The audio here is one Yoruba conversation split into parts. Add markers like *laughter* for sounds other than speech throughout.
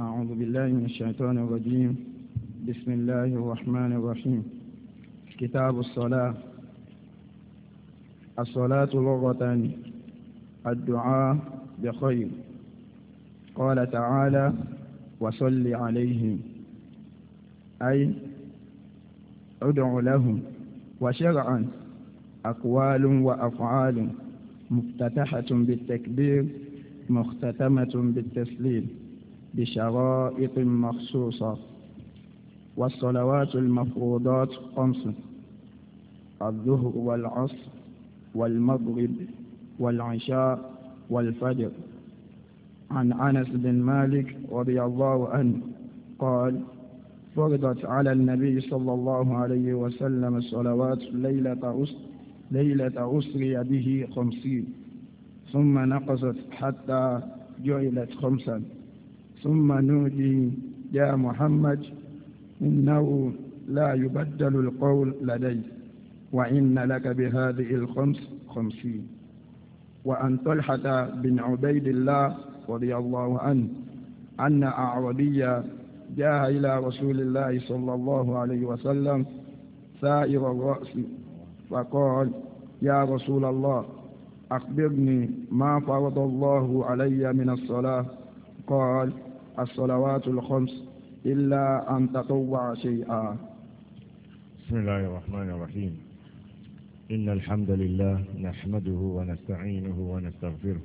أعوذ بالله من الشيطان الرجيم بسم الله الرحمن الرحيم كتاب الصلاة الصلاة لغة الدعاء بخير قال تعالى وصل عليهم أي ادع لهم وشرعا أقوال وأفعال مفتتحة بالتكبير مختتمة بالتسليم بشرائط مخصوصة والصلوات المفروضات خمس الظهر والعصر والمغرب والعشاء والفجر عن أنس بن مالك رضي الله عنه قال فرضت على النبي صلى الله عليه وسلم الصلوات ليلة أسر ليلة أسري به خمسين ثم نقصت حتى جعلت خمسا ثم نودي يا محمد إنه لا يبدل القول لدي وإن لك بهذه الخمس خمسين وأن طلحة بن عبيد الله رضي الله عنه أن أعربيا جاء إلى رسول الله صلى الله عليه وسلم سائر الرأس فقال يا رسول الله أخبرني ما فرض الله علي من الصلاة قال الصلوات الخمس إلا أن تطوع شيئا بسم الله الرحمن الرحيم إن الحمد لله نحمده ونستعينه ونستغفره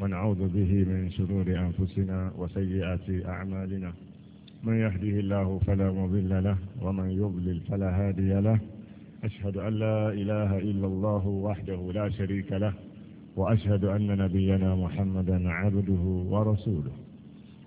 ونعوذ به من شرور أنفسنا وسيئات أعمالنا من يهده الله فلا مضل له ومن يضلل فلا هادي له أشهد أن لا إله إلا الله وحده لا شريك له وأشهد أن نبينا محمدا عبده ورسوله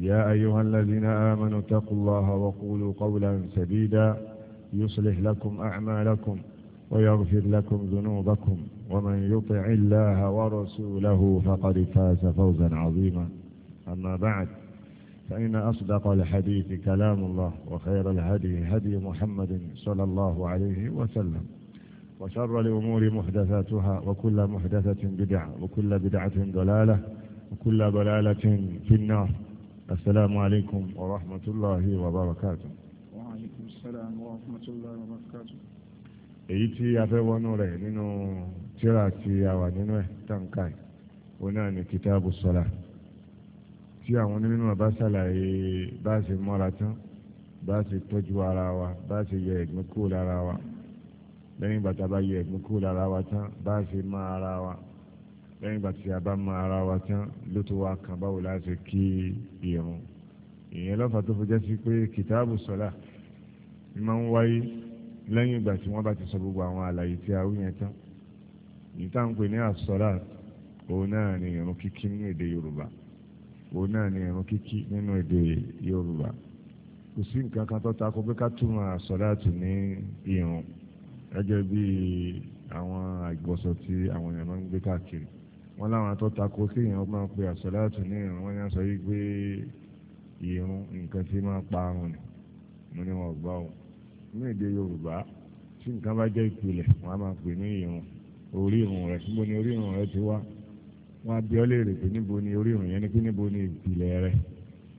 يا أيها الذين آمنوا اتقوا الله وقولوا قولا سديدا يصلح لكم أعمالكم ويغفر لكم ذنوبكم ومن يطع الله ورسوله فقد فاز فوزا عظيما أما بعد فإن أصدق الحديث كلام الله وخير الهدي هدي محمد صلى الله عليه وسلم وشر الأمور محدثاتها وكل محدثة بدعة وكل بدعة ضلالة وكل ضلالة في النار asalaamu alaykum wa rahmatulahi wa barakatu. wa alaykum salaam wa rahmatulahi wa barakatu. èyí tí a fẹ́ wọnú rẹ̀ nínú tíra tí a wà nínú ẹ̀ tànká yìí òun náà ni kitaabu sọlá tí àwọn onímọ̀ bá ṣàlàyé bá ṣe mọ́ra tán bá ṣe tọ́jú ara wa bá ṣe yẹ ẹ̀gbin kúrò lára wa lẹ́yìn bàtà bá yẹ ẹ̀gbin kúrò lára wa tán bá ṣe mọ́ ara wa lẹ́yìn ìgbà tí a bá mọ ara wa tán ló tó wá kan báwo la ṣe kí irun ìyẹn lọ́fà tó fi jẹ́ sí pé kìtáàbù sọ́là ni máa ń wáyé lẹ́yìn ìgbà tí wọ́n bá ti sọ gbogbo àwọn àlàyé tí a wí yẹn tán ìta ń pè ní àsọ́là òun náà ni irun kíkí nínú èdè Yorùbá òun náà ni irun kíkí nínú èdè Yorùbá kò sí nǹkan kan tó takò pé ká túmọ̀ àsọ́là tù ní irun gẹ́gẹ́ bíi àwọn àgbọ̀sọ̀ tí àwọn èèyàn máa ń gbé káàkiri wọn láwọn tó takò kéèyàn máa pe àsọláàtù ní ìrún wọn ní sọ yìí pé ìrún nǹkan tí máa pa àrùn ni mo ní wọn gbọ́ ọ ní èdè Yorùbá tí nǹkan bá jẹ́ ìpìlẹ̀ wọn á máa pè ní ìrún orí ìrún rẹ̀ níbo ni orí ìrún rẹ̀ ti wá wọn á bí ọ léèrè pé níbo ni orí ìrún yẹn ni pé níbo ni ìpìlẹ̀ rẹ̀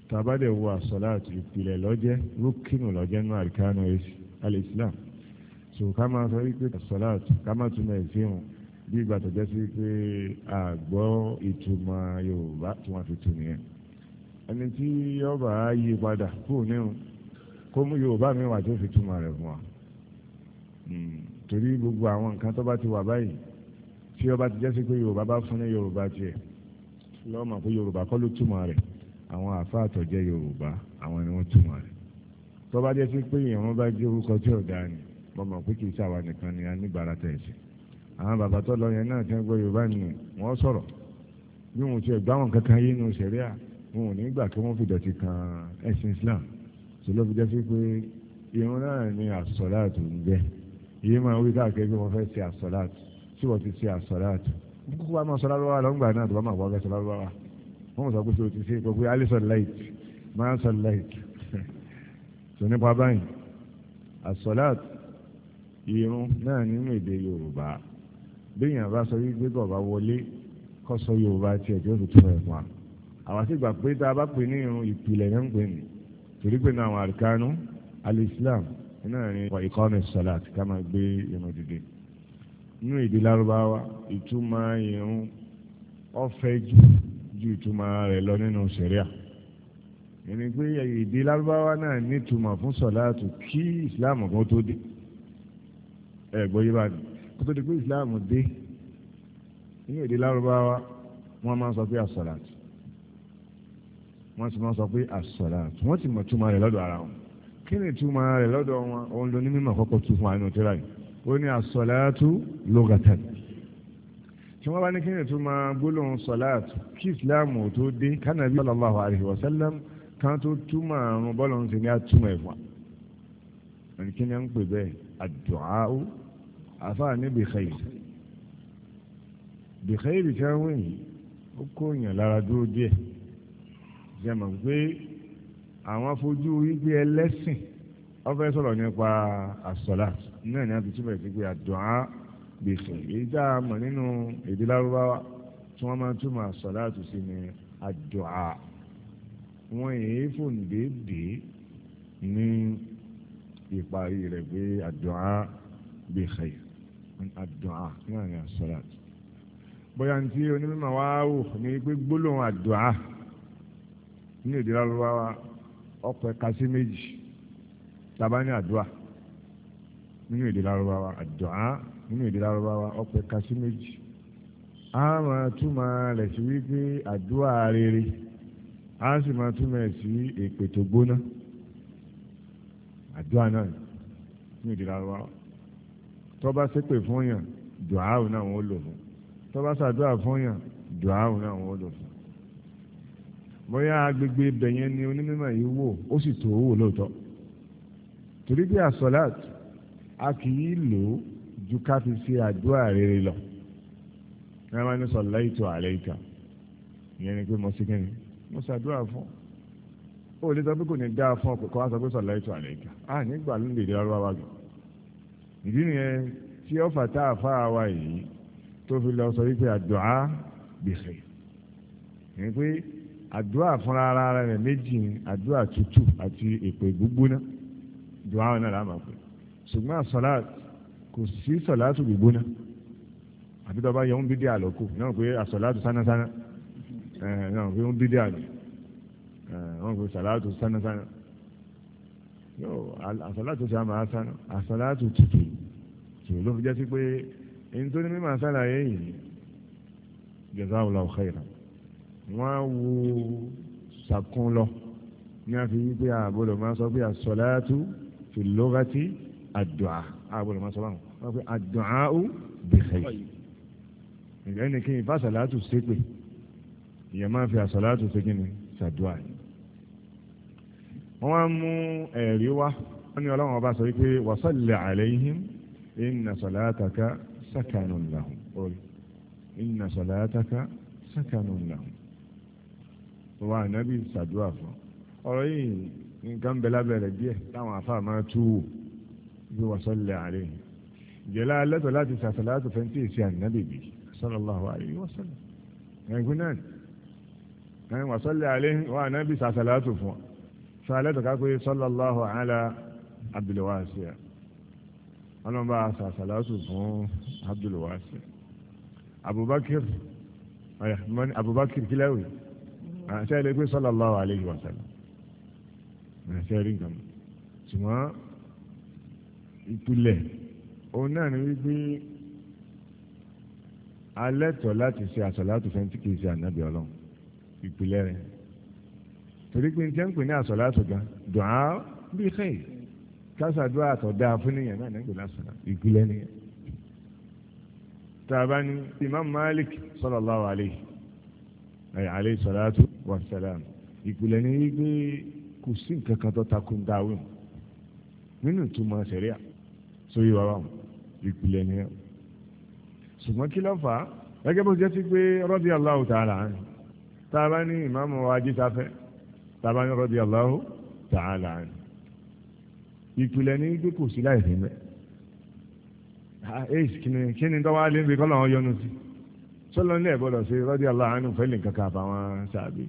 tabade wo asọláàtù ìpìlẹ̀ lọ́jẹ́ rúkìnù lọ́jẹ́ nù àríkánu alẹ́ Islam so ká máa sọ wípé asọláàtù ká má túmọ̀ ẹ̀sìn bí ìgbà tó jẹ́ sí pé àgbọ́ ìtumọ̀ Yorùbá tí wọ́n fi tu nìyẹn ẹni tí yọba yí padà kú nírun kó mú Yorùbá mi wà tó fi túmọ̀ rẹ̀ fún wa hmm, torí gbogbo àwọn nǹkan tó bá ti wà báyìí tí ọba ti jẹ́ sí pé Yorùbá bá fún ní Yorùbá tiẹ̀ lọ́mọ pé Yorùbá kọ́ ló túmọ̀ rẹ̀ àwọn àfáà tó jẹ́ Yorùbá àwọn ni wọ́n túmọ̀ rẹ̀ tó bá jẹ́ sí pé ìrún orúkọ tí ọ̀dà ni mo pé kì í ṣàwa nìkan ni a ní gbàrà tẹ̀sí àwọn bàbá tó lọ yẹn náà ti ń gbọ́ yorùbá nù wọ́n sọ̀rọ̀ bí wọn ti gbà wọn kankan yé nu sẹ̀ríà wọn ò ní gbà kí wọ́n fi dọ̀tí kan ẹ̀sìn islam tó ló fi jẹ́ sí pé irun náà ni àsọ̀láàtù ń jẹ́ iye máa wí káàkiri pé wọ́n fẹ́ ṣe àsọ̀láàtù tí wọ́n ti ṣe àsọ̀láàtù kúkú bá máa sọ lárúbáwá lọ́ngbà náà tó bá máa wọ́n fẹ́ sọ lárúbáwá wọ́n sọ pé tó ti ṣe pé alison light man son light tó *laughs* nípa báyìí àsọ̀láàtù irun náà nínú èdè yorùbá béèyàn bá sọ yìí gbégbọ̀ bá wọlé kọ́ sọ yorùbá tiẹ̀ tí ó fi tún ẹ̀ fún wa àwọn àti ìgbà pé tá a bá pè ní irun ìpìlẹ̀ ní ń pè ní torí pé ní àwọn àríkánú alìsílám iná ní ìkọ́ni sọ̀láàtì ká máa gbé irun dìde nínú èdè lárúbáwá ìtumọ̀ irun ọ̀fẹ́ jù ju ìtumọ̀ rẹ̀ lọ nínú sẹ̀ríà ẹni pé èdè lárúbáwá náà nítumọ̀ fún sọ̀láàtì kí ìsìláàmù kan tó dé ẹ̀ gbọ́ yí bá dùn kó tó di pé ìsìláàmù dé ní èdè lárúbáwá wọ́n máa ń sọ pé àsọ̀làtì wọ́n sì máa ń sọ pé àsọ̀làtì wọ́n sì mọ̀ túmọ̀ rẹ̀ lọ́dọ̀ ara wọn kí ni túmọ̀ rẹ̀ lọ́dọ̀ wọn òun ló ní mímọ̀ kọ́kọ́ tu fún àánú tíra yìí ó ní àsọ̀làtù lógatan tí wọ́n bá ní kí ni túmọ̀ gbólóhùn sọ̀làtù kí ìsìláàmù tó dé kánàbí sallallahu alaihi wasallam kan tó túmọ̀ àrùn bọ́ọ̀lù ń ní àtúmọ̀ ẹ̀fọ́ àti kí ni à ń pè bẹ́ẹ̀ àdùá àfáà ní bìkẹ́yì bìkẹ́yì tí wọ́n wí yìí ó kó yàn lára dúró díẹ̀ jẹ́ mọ̀ pé àwọn afojú wípé ẹlẹ́sìn ọfẹ́ sọ̀rọ̀ nípa àsọ̀lá náà ní àfitúbẹ̀ sí pé àdùá bìkẹ́yì èyí tá a mọ̀ nínú èdè lárúbáwá tí wọ́n máa túmọ̀ àsọ̀lá tù sí ni àdùá wọn èyí fòǹdéèdè ní ìparí rẹ̀ pé àdùá bìkẹ́yì àdùá náà ni àsọlá bóyá ní tí onímọ̀ wá wò ní pé gbólóhùn àdùá ní èdè lálùbáwá ọ̀pọ̀ ẹ̀ka sí méjì tàbá ní àdùá nínú èdè lárúbáwá adua nínú èdè lárúbáwá ọpẹ́ kasi méjì a máa túmọ̀ rẹ̀ sí wípé àdúrà rere a sì máa túmọ̀ rẹ̀ sí èpè tó gbóná àdúrà náà nínú èdè lárúbáwá tó bá ṣépè fún yàn dùá òun náà wọ́n lò fún tó bá ṣàdúrà fún yàn dùá òun náà wọ́n lò fún. bóyá agbègbè ibẹ̀ ni onímọ̀ yìí wò ó sì tó wò lóòótọ́ torí bí àsọ̀láàt a kì í lò ó ju ká fi ṣe àdúrà rere lọ ní máa ní sọ̀lá ìtò àlẹ́ ìta ìyẹn ni pé mo ṣe kẹ́ni mo ṣàdúrà fún ó lè sọ pé kò ní dáa fún ọ̀pẹ̀ kọ́ wá sọ pé sọ̀lá ìtò àlẹ́ ìta a nígbà ló ń lè dé lọ́wọ́ wájú ìdí nìyẹn tí ọfà tá a fà wá yìí tó fi lọ sọ wípé àdúà bìfẹ ní pé àdúà fúnra ara rẹ méjì ni àdúà tútù àti èpè gbígbóná dùá náà làá pè ṣùgbọ́n àsọlá kò sí sọ̀láàtù gbígbóná àbí tó bá yẹ ń bídí àlọ́kù náà pé àsọ̀láàtù sánásáná náà pé ń bídí àlọ́ wọn pè sọ̀láàtù sánásáná yóò àsọ̀láàtù sáná àsọ̀láàtù tútù mùsùlùmí ló fi jẹ́ sí pé ẹni tó ní mímọ̀ sálàyé yìí jazakallahu khairan wọ́n á wo sàkún lọ ní a fi yí pé àbọ̀lọ̀ máa sọ pé as-salatu fil lughati ad-du'a àbọ̀lọ̀ máa sọ báwọn wọ́n pe ad-du'a'u bi khair ìgbà ẹni kí n fa ṣépè ìyẹn máa fi àsàlátù ṣégin ni ṣàdúrà yìí wọ́n á mú ẹ̀rí wá wọ́n ní ọlọ́run ọba sọ wípé wa salli alayhim inna salataka sakanun lahum orí inna salataka sakanun lahum wa ànábì ṣàdúrà fún ọ̀rọ̀ yìí nǹkan bẹ̀lá bẹ̀rẹ̀ díẹ̀ táwọn afá máa túwò bí wọ́n sọ́lẹ̀ àárẹ̀ jẹ́lá alẹ́tọ̀ láti sàṣàlátò fẹ́ntì èsì ànábì bí sallallahu alaihi wa sallam ẹ̀gbọ́n náà ẹ̀yìn wọ́n sọ́lẹ̀ àárẹ̀ wọ́n ànábì sàṣàlátò fún ọ sọ alẹ́tọ̀ ká pé sallallahu ala abdulwasiya ọlọ́mọba sàṣàlásù fún abdulwasi abubakar ayahmani abubakar kilawi àṣẹ ilé pé sallallahu alayhi wa sallam àṣẹ rí nǹkan ṣùgbọ́n ìpìlẹ̀ òun náà ni wípé alẹ́ tọ̀ láti ṣe àṣàlátù fẹ́ntì kì í ṣe ànábì ọlọ́run ìpìlẹ̀ rẹ̀ torí pé njẹ́ ń pè ní àṣàlátù gan dùn á bí xẹ́yìn sásàdúrà àtọ̀dá fún nìyẹn náà nígbè lásán ìpìlẹ̀ nìyẹn. tàbá ní imam malik sallallahu alayhi ayi alayhi salatu wa salam ìpìlẹ̀ ní gbé kò sí nǹkan kan tó takùn dáwìn nínú ìtumọ̀ sẹ̀ríà sórí wàrà wọn ìpìlẹ̀ nìyẹn. ṣùgbọ́n kí ló fà á gẹ́gẹ́ bó ṣe ti pé radiyallahu ta'ala anhu tàbá ní imam wa jíta fẹ́ tàbá ní radiyallahu ta'ala anhu ìpìlẹ̀ ní pé kò sí láìsí mẹ́ èyí kìnnì kìnnì tọ́wá lé nbí kọ́lọ́ yọnu sí sọlọ ní ẹ̀gbọ́dọ̀ sí rọ́dí aláàánú fẹ́lẹ̀ kankan àbáwọn sàbí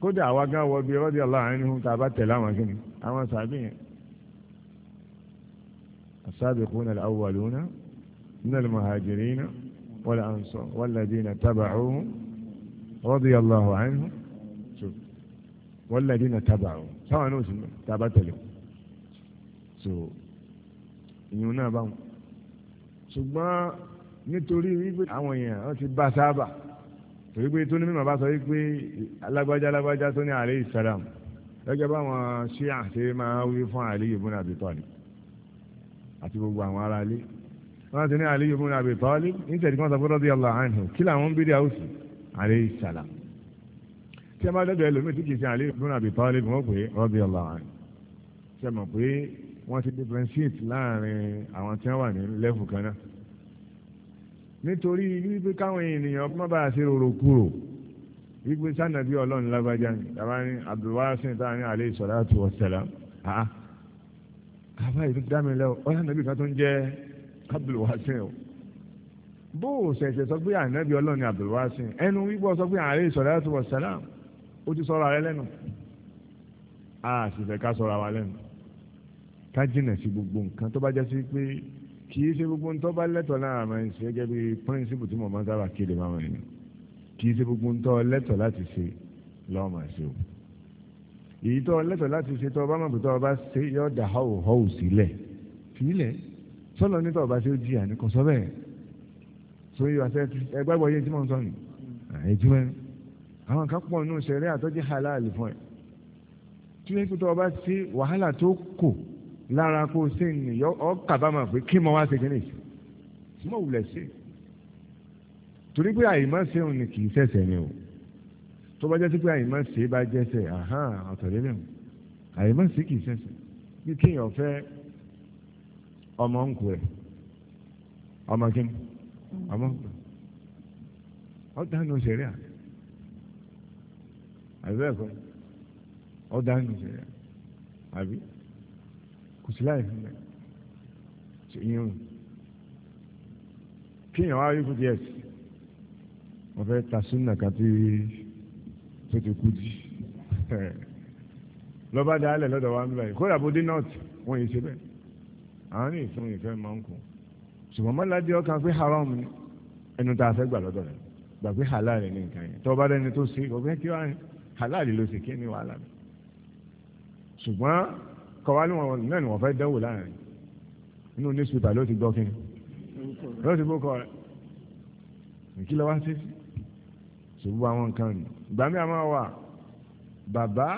kódà àwa gán wọ bí rọ́dí aláàánú tá a bá tẹ̀lé àwọn kìnnì àwọn sàbí yẹn السابقون الأولون من المهاجرين والأنصار والذين تبعوهم رضي الله عنهم والذين تبعوهم سواء نوسم تابتلهم so ìyún náà bá wọn ṣùgbọ́n nítorí wípé àwọn èèyàn wọn ti bá sábà torí pé tó ní mímọ̀ bá sọ wípé alágbájá alágbájá tó ní alayhi salam gẹ́gẹ́ báwọn ṣíà ṣe máa wí fún Ali ibn Abi Talib àti gbogbo àwọn ará ilé wọn ti ní Ali ibn Abi Talib nítorí kan sọ pé radiyallahu anhu kí làwọn ń bírí àwùjọ alayhi salam tí a bá dọ́dọ̀ ẹlòmíì tí kì í ṣe Ali ibn Abi Talib wọn pè radiyallahu anhu tí a mọ̀ pé wọ́n ti differentiate láàrin àwọn tí wọ́n wà ní lẹ́fù kan náà nítorí wípé káwọn ènìyàn má bàa ṣe rorò kúrò wípé sànàbí ọlọ́run lágbájá ni tàbá ní abdulwasin tàbá ní aleyhi salatu wa salam ha? àbá ìlú dámilẹ ọ sànàbí kan tó ń jẹ abdulwasin o bó o ṣẹ̀ṣẹ̀ sọ pé ànábì ọlọ́run ni abdulwasin ẹnu wípé ọ sọ pé aleyhi salatu wa salam ó ti sọ̀rọ̀ ààrẹ lẹ́nu a sì fẹ́ ká sọ̀rọ̀ àwa lẹ́nu ká jìnà sí gbogbo nǹkan tó bá já sí pé kì í ṣe gbogbo tó bá lẹ́tọ̀ọ́ lára máa ń ṣe gẹ́gẹ́ bí píríncípù tí mo máa ń sábà kéde máa ń rìn kì í ṣe gbogbo tó lẹ́tọ̀ọ́ láti ṣe lọ́ọ́ máa ṣe o èyí tó lẹ́tọ̀ọ́ láti ṣe tó bá mọ̀ pé tó bá ṣe yọ dà họ́wù họ́wù sílẹ̀ sílẹ̀ sọ́lọ́ ní tó bá ṣe ó jìyà ní kò sọ bẹ́ẹ̀ tí mò ń sọ ni ètí wọn àwọn kan pọ̀ nù ṣẹ̀rẹ́ àtọ́jú halal fún bá ṣe wàhálà tó kò lára kó ni ọ kábàámà pé kí mo wá ṣe kíní tí mo wulẹ̀ ṣe torí pé àyìnbá ni kì í o tó bá jẹ́ sí pé àyìnbá ṣe bá jẹ́ṣẹ̀ àhán ọ̀tọ̀lélẹ̀ o àyìnbá ṣe kì í bí fẹ́ ọmọ ẹ̀ ọmọ kí ni ọmọ ọ dánú àbí bẹ́ẹ̀ kọ́ sí láì fi lẹ̀ ṣe yín o kéèyàn wá rí fúdíẹ̀ sí wọ́n fẹ́ ta súnà kan tí tó ti kú di *laughs* lọ́ba dálẹ̀ lọ́dọ̀ wa ń bẹ̀ kódà bó dé nọ́ọ̀tì wọ́n yìí ṣe bẹ́ẹ̀ àwọn ìfún ìfẹ́ máa ń kù ṣùgbọ́n mọ́ládé ọkàn pé haram ni ẹnu tá a fẹ́ gbà lọ́dọ̀ rẹ̀ gbà pé halal ni nǹkan yẹn tọ́ba dẹni tó ṣe ọ̀gbẹ́ kí wọ́n halal ló ṣe kí ni wàhálà ṣùgbọ́n kọ̀wá ní wọn náà ni wọ́n fẹ́ dánwò láàrin inú nísùpà ló ti gbọ́ kí ni ló ti bó kọ́ rẹ̀ kí ló wá sí ṣùgbọ́n àwọn nǹkan ni ìgbà mi àmọ́ wà bàbá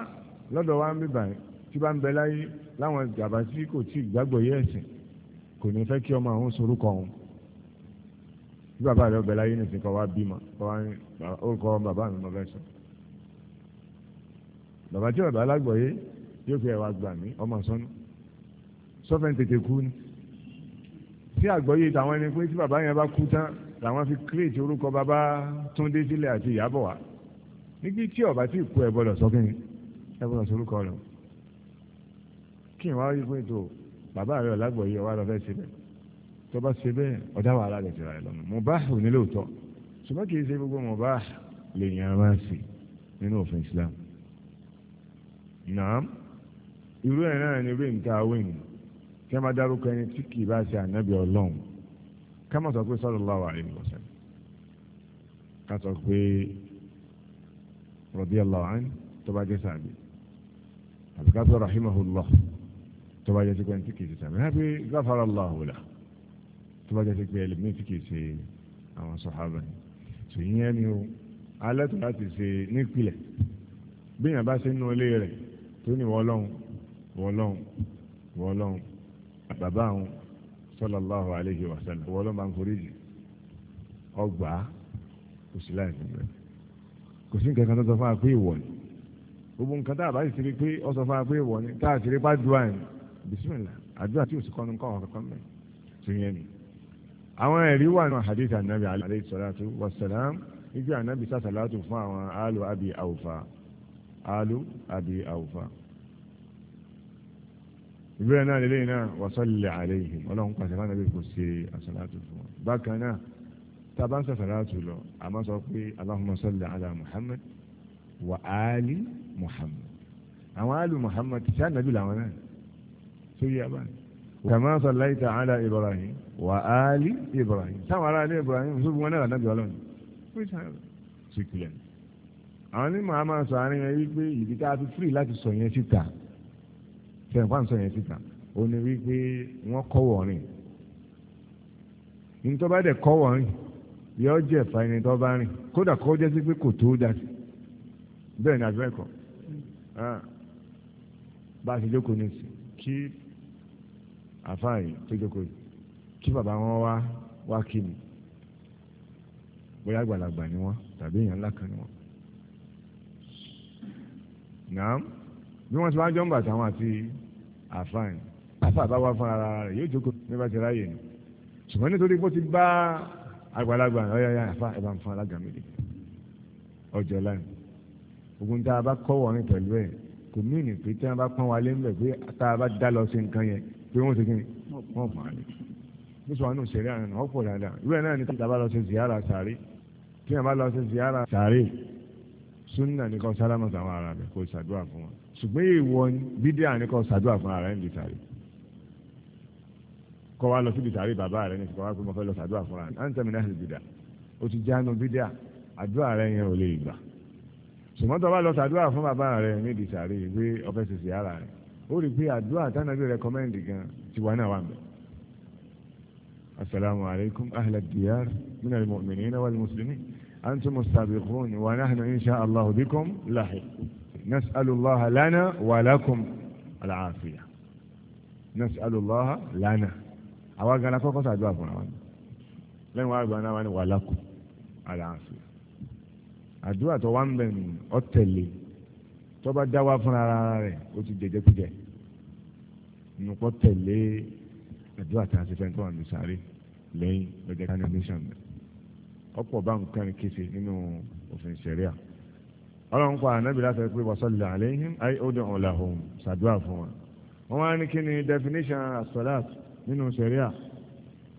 lọ́dọ̀ wa ń bíbà tí bá ń bẹ láyé láwọn ìjàmbá tí kò tí ì gbàgbọ́ yé ẹ̀sìn kò ní fẹ́ kí ọmọ àwọn sorúkọ òun bí bàbá rẹ̀ ọbẹ̀ láyé nìsín kọ́ wá bímọ orúkọ bàbá mi mọ̀ bẹ́ẹ̀ sọ bàbá tí bàbá lágbọ̀ yé yóò fi ẹ̀wà gbà mí ọmọ sọ́nù sọ́fẹ̀n tètè kú ni tí àgbọ́yé tàwọn ẹni pé tí bàbá yẹn bá kú tán làwọn fi kírètì orúkọ bàbá túndé sílẹ̀ àti ìyábọ̀ wá níbi tí ọ̀bá tí kú ẹ̀ bọ́lọ̀ sọ́kìnrin ẹ̀ bọ́lọ̀ sọ́rúkọ rẹ̀ kí n wá rí fún ètò bàbá rẹ̀ ọ̀làgbọ̀yé ọ̀wá lọ́fẹ́ síbẹ̀ tó bá ṣe bẹ́ẹ̀ ọ̀dá wàhálà rẹ̀ ti ra ẹ̀ lọ́nà mubah ò nílò tọ́ ṣùgbọ́n kì í ṣe gbogbo mubah lèèyàn máa ń sè nínú òfin Islam. Naam irú ẹ̀ náà ni irú ìta awéyìn kí a máa dárúkọ ẹni tí kì í bá ṣe ànábì ọlọ́run ká má sọ pé sallallahu alaihi wasallam ká sọ pé radiyallahu anhu tó bá jẹ́ sàbí àti ká sọ rahimahullah tó bá jẹ́ sí pé ẹni tí kì í ṣe sàbí láti ghafarallahu lahu tó bá jẹ́ sí pé ẹlẹ́mí tí kì í ṣe àwọn sọ̀hábà ni tòyìn ẹni o alẹ́ tó láti ṣe nípìnlẹ̀ bí èèyàn bá ṣe nínú ilé rẹ̀ tó ní wọ́n lọ́hùn wọlọ́n wọlọ́n bàbá àwọn sallallahu alayhi wa sallam wọlọ́n máa ń foríjì ọgbà kò sí láì fún bẹ́ẹ̀ kò sí nǹkan kan tó sọ fún wa pé ìwọ ni gbogbo nǹkan tá a bá sì ti pé ó sọ fún wa ìwọ ni tá a ti pé àdúrà ni bisimilá àdúrà tí o sì kọ́ nínú kọ́wọ́ kankan mẹ́ tó yẹn ni. àwọn ẹ̀rí wà nínú hadith anabi alayhi salatu wa salam ibi anabi sàṣàlátù fún àwọn alu abi awufa alu abi awufa ìbéèrè náà lélẹ́yìn náà wasalli alayhim ọlọ́run pàṣẹ fún anábì kò ṣe àṣàlátù fún wọn bákan náà tá a bá ń ṣàṣàlátù lọ a máa sọ pé allahumma salli ala muhammad wa ali muhammad àwọn ali muhammad ṣé ànábì làwọn náà tó yẹ abáyé kama sallaita ala ibrahim wa ali ibrahim táwọn ará ilé ibrahim tó bí wọn náà ànábì ọlọ́run ṣùkúlẹ̀ àwọn onímọ̀ a sọ àárín yẹn wípé ìdí sẹ́yìn fáǹsọ̀ yẹn síta ó ní wípé wọ́n kọ́wọ̀ rìn ní tó bá dẹ̀ kọ́wọ̀ rìn yọ jẹ́ ẹ̀fà ẹni tó bá rìn kódà kó jẹ́ sí pé kò tó da sí bẹ́ẹ̀ ni àbẹ́ kọ́ bá a ṣe jókòó ní sí kí àfáà tó jókòó kí bàbá wọn wá wá kí mi bóyá àgbàlagbà ni wọn tàbí èèyàn ńlá kan ni wọn. nàám bí wọ́n ti wá jọ́ ń bàtà wọn àti àfáàní àfáà bá wá fún ara rẹ̀ yóò jókòó ní bá ti ráyè ni ṣùgbọ́n nítorí pé ó ti bá àgbàlagbà ọ̀yà ya àfáà ẹ̀ bá ń fún alága mi ọjọ́ láì ogun tá a bá kọ́ wọ̀nyí pẹ̀lú ẹ̀ kò mí nì pé tí wọ́n bá pọ́n wa lé pé tá a bá dá lọ sí nǹkan yẹn pé wọ́n ti kí ni wọ́n pọ̀ àlẹ́ bí sọ wọn nù sẹ́rí àná wọ́n pọ̀ dáadáa ìwé náà ni tá a bá lọ sí ziyara sàárè tí wọ́n bá lọ sí ziyara sàárè sunna ni kò sálámà sáwọn ara rẹ̀ kò ṣàdúrà fún wọn ṣùgbọ́n èèwọ̀ bídíà ni kò ṣàdúrà fún ara ẹ̀ níbi sàárè kọ́ wa lọ síbi sàárè bàbá rẹ̀ ní ìfọwọ́ pé mo fẹ́ lọ ṣàdúrà fún ara ẹ̀ à ń tẹ̀mí náà bídíà ó ti jánu bídíà àdúrà rẹ̀ yẹn ò lè gbà ṣùgbọ́n tó bá lọ ṣàdúrà fún bàbá rẹ̀ níbi sàárè pé ọfẹ́ ṣèṣì ara rẹ̀ ó rí i pé àdúrà tánàbí rẹ̀kọ́mẹ́ǹdì gan tiwa náà wà mẹ́ السلام عليكم أهل الديار من المؤمنين والمسلمين أنتم السابقون ونحن إن شاء الله بكم لاحقون نسأل الله لنا ولكم العافية نسأل الله لنا àwọn gan-an kọ́kọ́ sàdúrà fún wa lẹ́yìn wá gbaná wa ni walakum alàáfíà àdúrà tó wá ń bẹ̀ ní ọ̀tẹ̀lẹ̀ tó bá dá wa fúnra ara rẹ̀ ó ti jẹjẹkújẹ nùpọ̀ tẹ̀lé àdúrà tá a ti fẹ́ tó wà ní sáré lẹ́yìn lọ́jọ́ ká ní ọdún sàn ọ̀pọ̀ bá nǹkan kése nínú òfin ṣẹ̀ríà ọlọ́run pa ànábì láti pé wasalli alayhim ay ud'u lahum ṣàdúrà fún wa wọ́n wá ní kí ni definition as-salat nínú sẹ̀ríà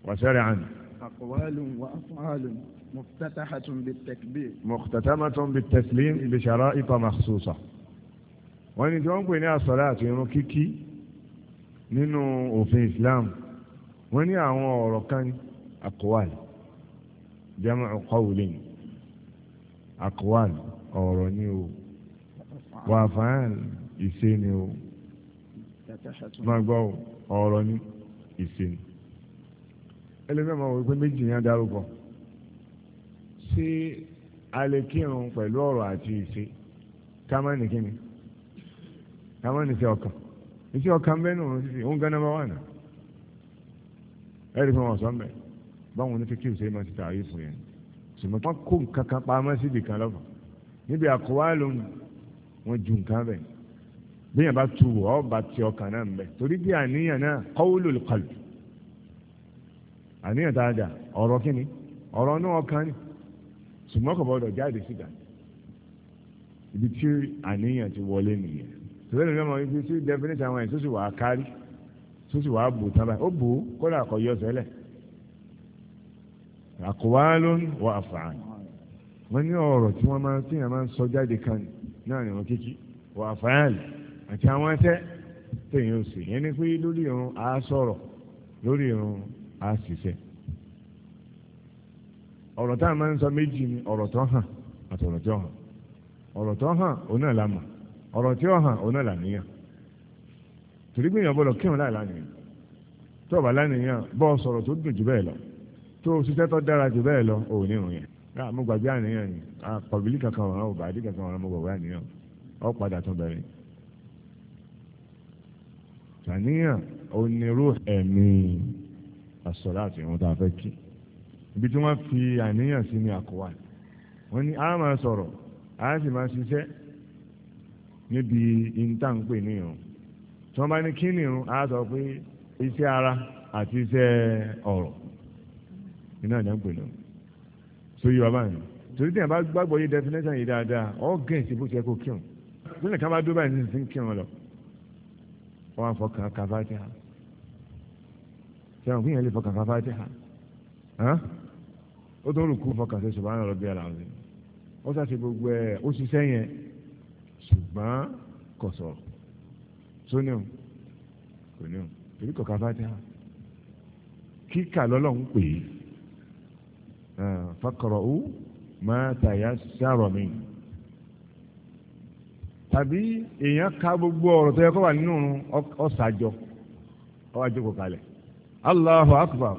wàṣẹ́rẹ̀ àná. aqwalun wa af'alun muftatahatun bit-takbir. muftatamatun bit-taslim bi shara'it makhsusa. wọ́n ní tí wọ́n ń pè ní as irun kíkí nínú òfin Islam wọ́n ní àwọn ọ̀rọ̀ kan aqwal jam'u qawlin ọ̀rọ̀ ni o wàfáàn ìṣe ni o máa ọ̀rọ̀ ni ìṣe ni ẹlẹ́mìíràn máa wọ méjì yẹn dárúkọ ṣé a lè kírun pẹ̀lú ọ̀rọ̀ àti ìṣe ká kíni ká ọka. sí ọkàn ìṣe ọkàn bẹ́ẹ̀ nù sí òun gan nọ́mbà wà náà ẹ̀rí fún bẹ́ẹ̀ báwọn ìṣe máa ti tààrí fún yẹn wọ́n níbi àkọwálò wọn ju nǹkan bẹ̀ bíyàn bá tu wọ́ ọba ti ọkàn náà mbẹ torí bí àníyàn náà qawlul qalb àníyàn tá a dà ọ̀rọ̀ kínni ọ̀rọ̀ náà ọkàn ni ṣùgbọ́n kò gbọ́dọ̀ jáde síta ibi tí àníyàn ti wọlé nìyẹn tòwé lè lọ́mọ ibi tí definition àwọn ẹ̀ tó sì wà kárí tó sì wà bù tábà ó bù kódà kò yọ sẹ́lẹ̀ àkọwálò wà á wọ́n ní ọ̀rọ̀ tí wọ́n máa ń tíyàn máa ń sọ jáde kan náà ni wọ́n kíkí wà fáyàlì àti àwọn ẹsẹ̀ tẹ̀yìn òsè yẹn ni pé lórí irun á sọ̀rọ̀ lórí irun á ṣiṣẹ́ ọ̀rọ̀ tá a máa ń sọ méjì ni ọ̀rọ̀ tó hàn àti ọ̀rọ̀ tó hàn ọ̀rọ̀ tó hàn òun náà la mọ̀ ọ̀rọ̀ tí ó hàn òun náà là níyàn torí pé èèyàn gbọ́dọ̀ kírun láì lánìyàn tó o bá lánìyàn bọ́ sọ̀rọ̀ tó dùn jù bẹ́ẹ̀ lọ tó o ṣiṣẹ́ tó dára jù bẹ́ẹ̀ lọ òun ní ìrùn yẹn yà ah, mo gbàgbé àníyàn ni ah, pọ̀bìlì kankan ọ̀ràn ọ̀bà àdé kankan ọ̀ràn mo gbàgbé àníyàn padà tún bẹ̀rẹ̀. àníyàn onírú ẹ̀mí àsọ̀rọ̀ àti ìwọ̀n tá a fẹ́ ibi tí wọ́n fi àníyàn sí ni àkọ́wà wọ́n a máa sọ̀rọ̀ a sì máa ṣiṣẹ́ níbi níyàn tí wọ́n bá ní kí sọ pé iṣẹ́ ara àti iṣẹ́ ọ̀rọ̀ tó yí wa báyìí torí tí yẹn bá gbàgbọ́ yé definition yìí dáadáa ọ́ gẹ̀ẹ́sì bó ṣe kó kírun bí nìkan bá dó báyìí ní sísìn kírun lọ wọ́n á fọ kàn kàn fàtíhà sẹ́wọ̀n kí yẹn lè fọ kàn kàn fàtíhà ó tó rùkú fọ kàn sí subhana rabbi al-azim ó ṣàṣe gbogbo ẹ̀ ó ṣiṣẹ́ yẹn ṣùgbọ́n kò sọ̀rọ̀ sóníọ̀ kò ní ọ̀ torí kò kàn fàtíhà kíkà lọ́lọ́ ń pè é faqra'u ma tayassara min tàbí èèyàn ka gbogbo ọ̀rọ̀ tó yẹ kó wà nínú ọ̀sàjọ ọwọ́ àjọkò kalẹ̀ Allahu akbar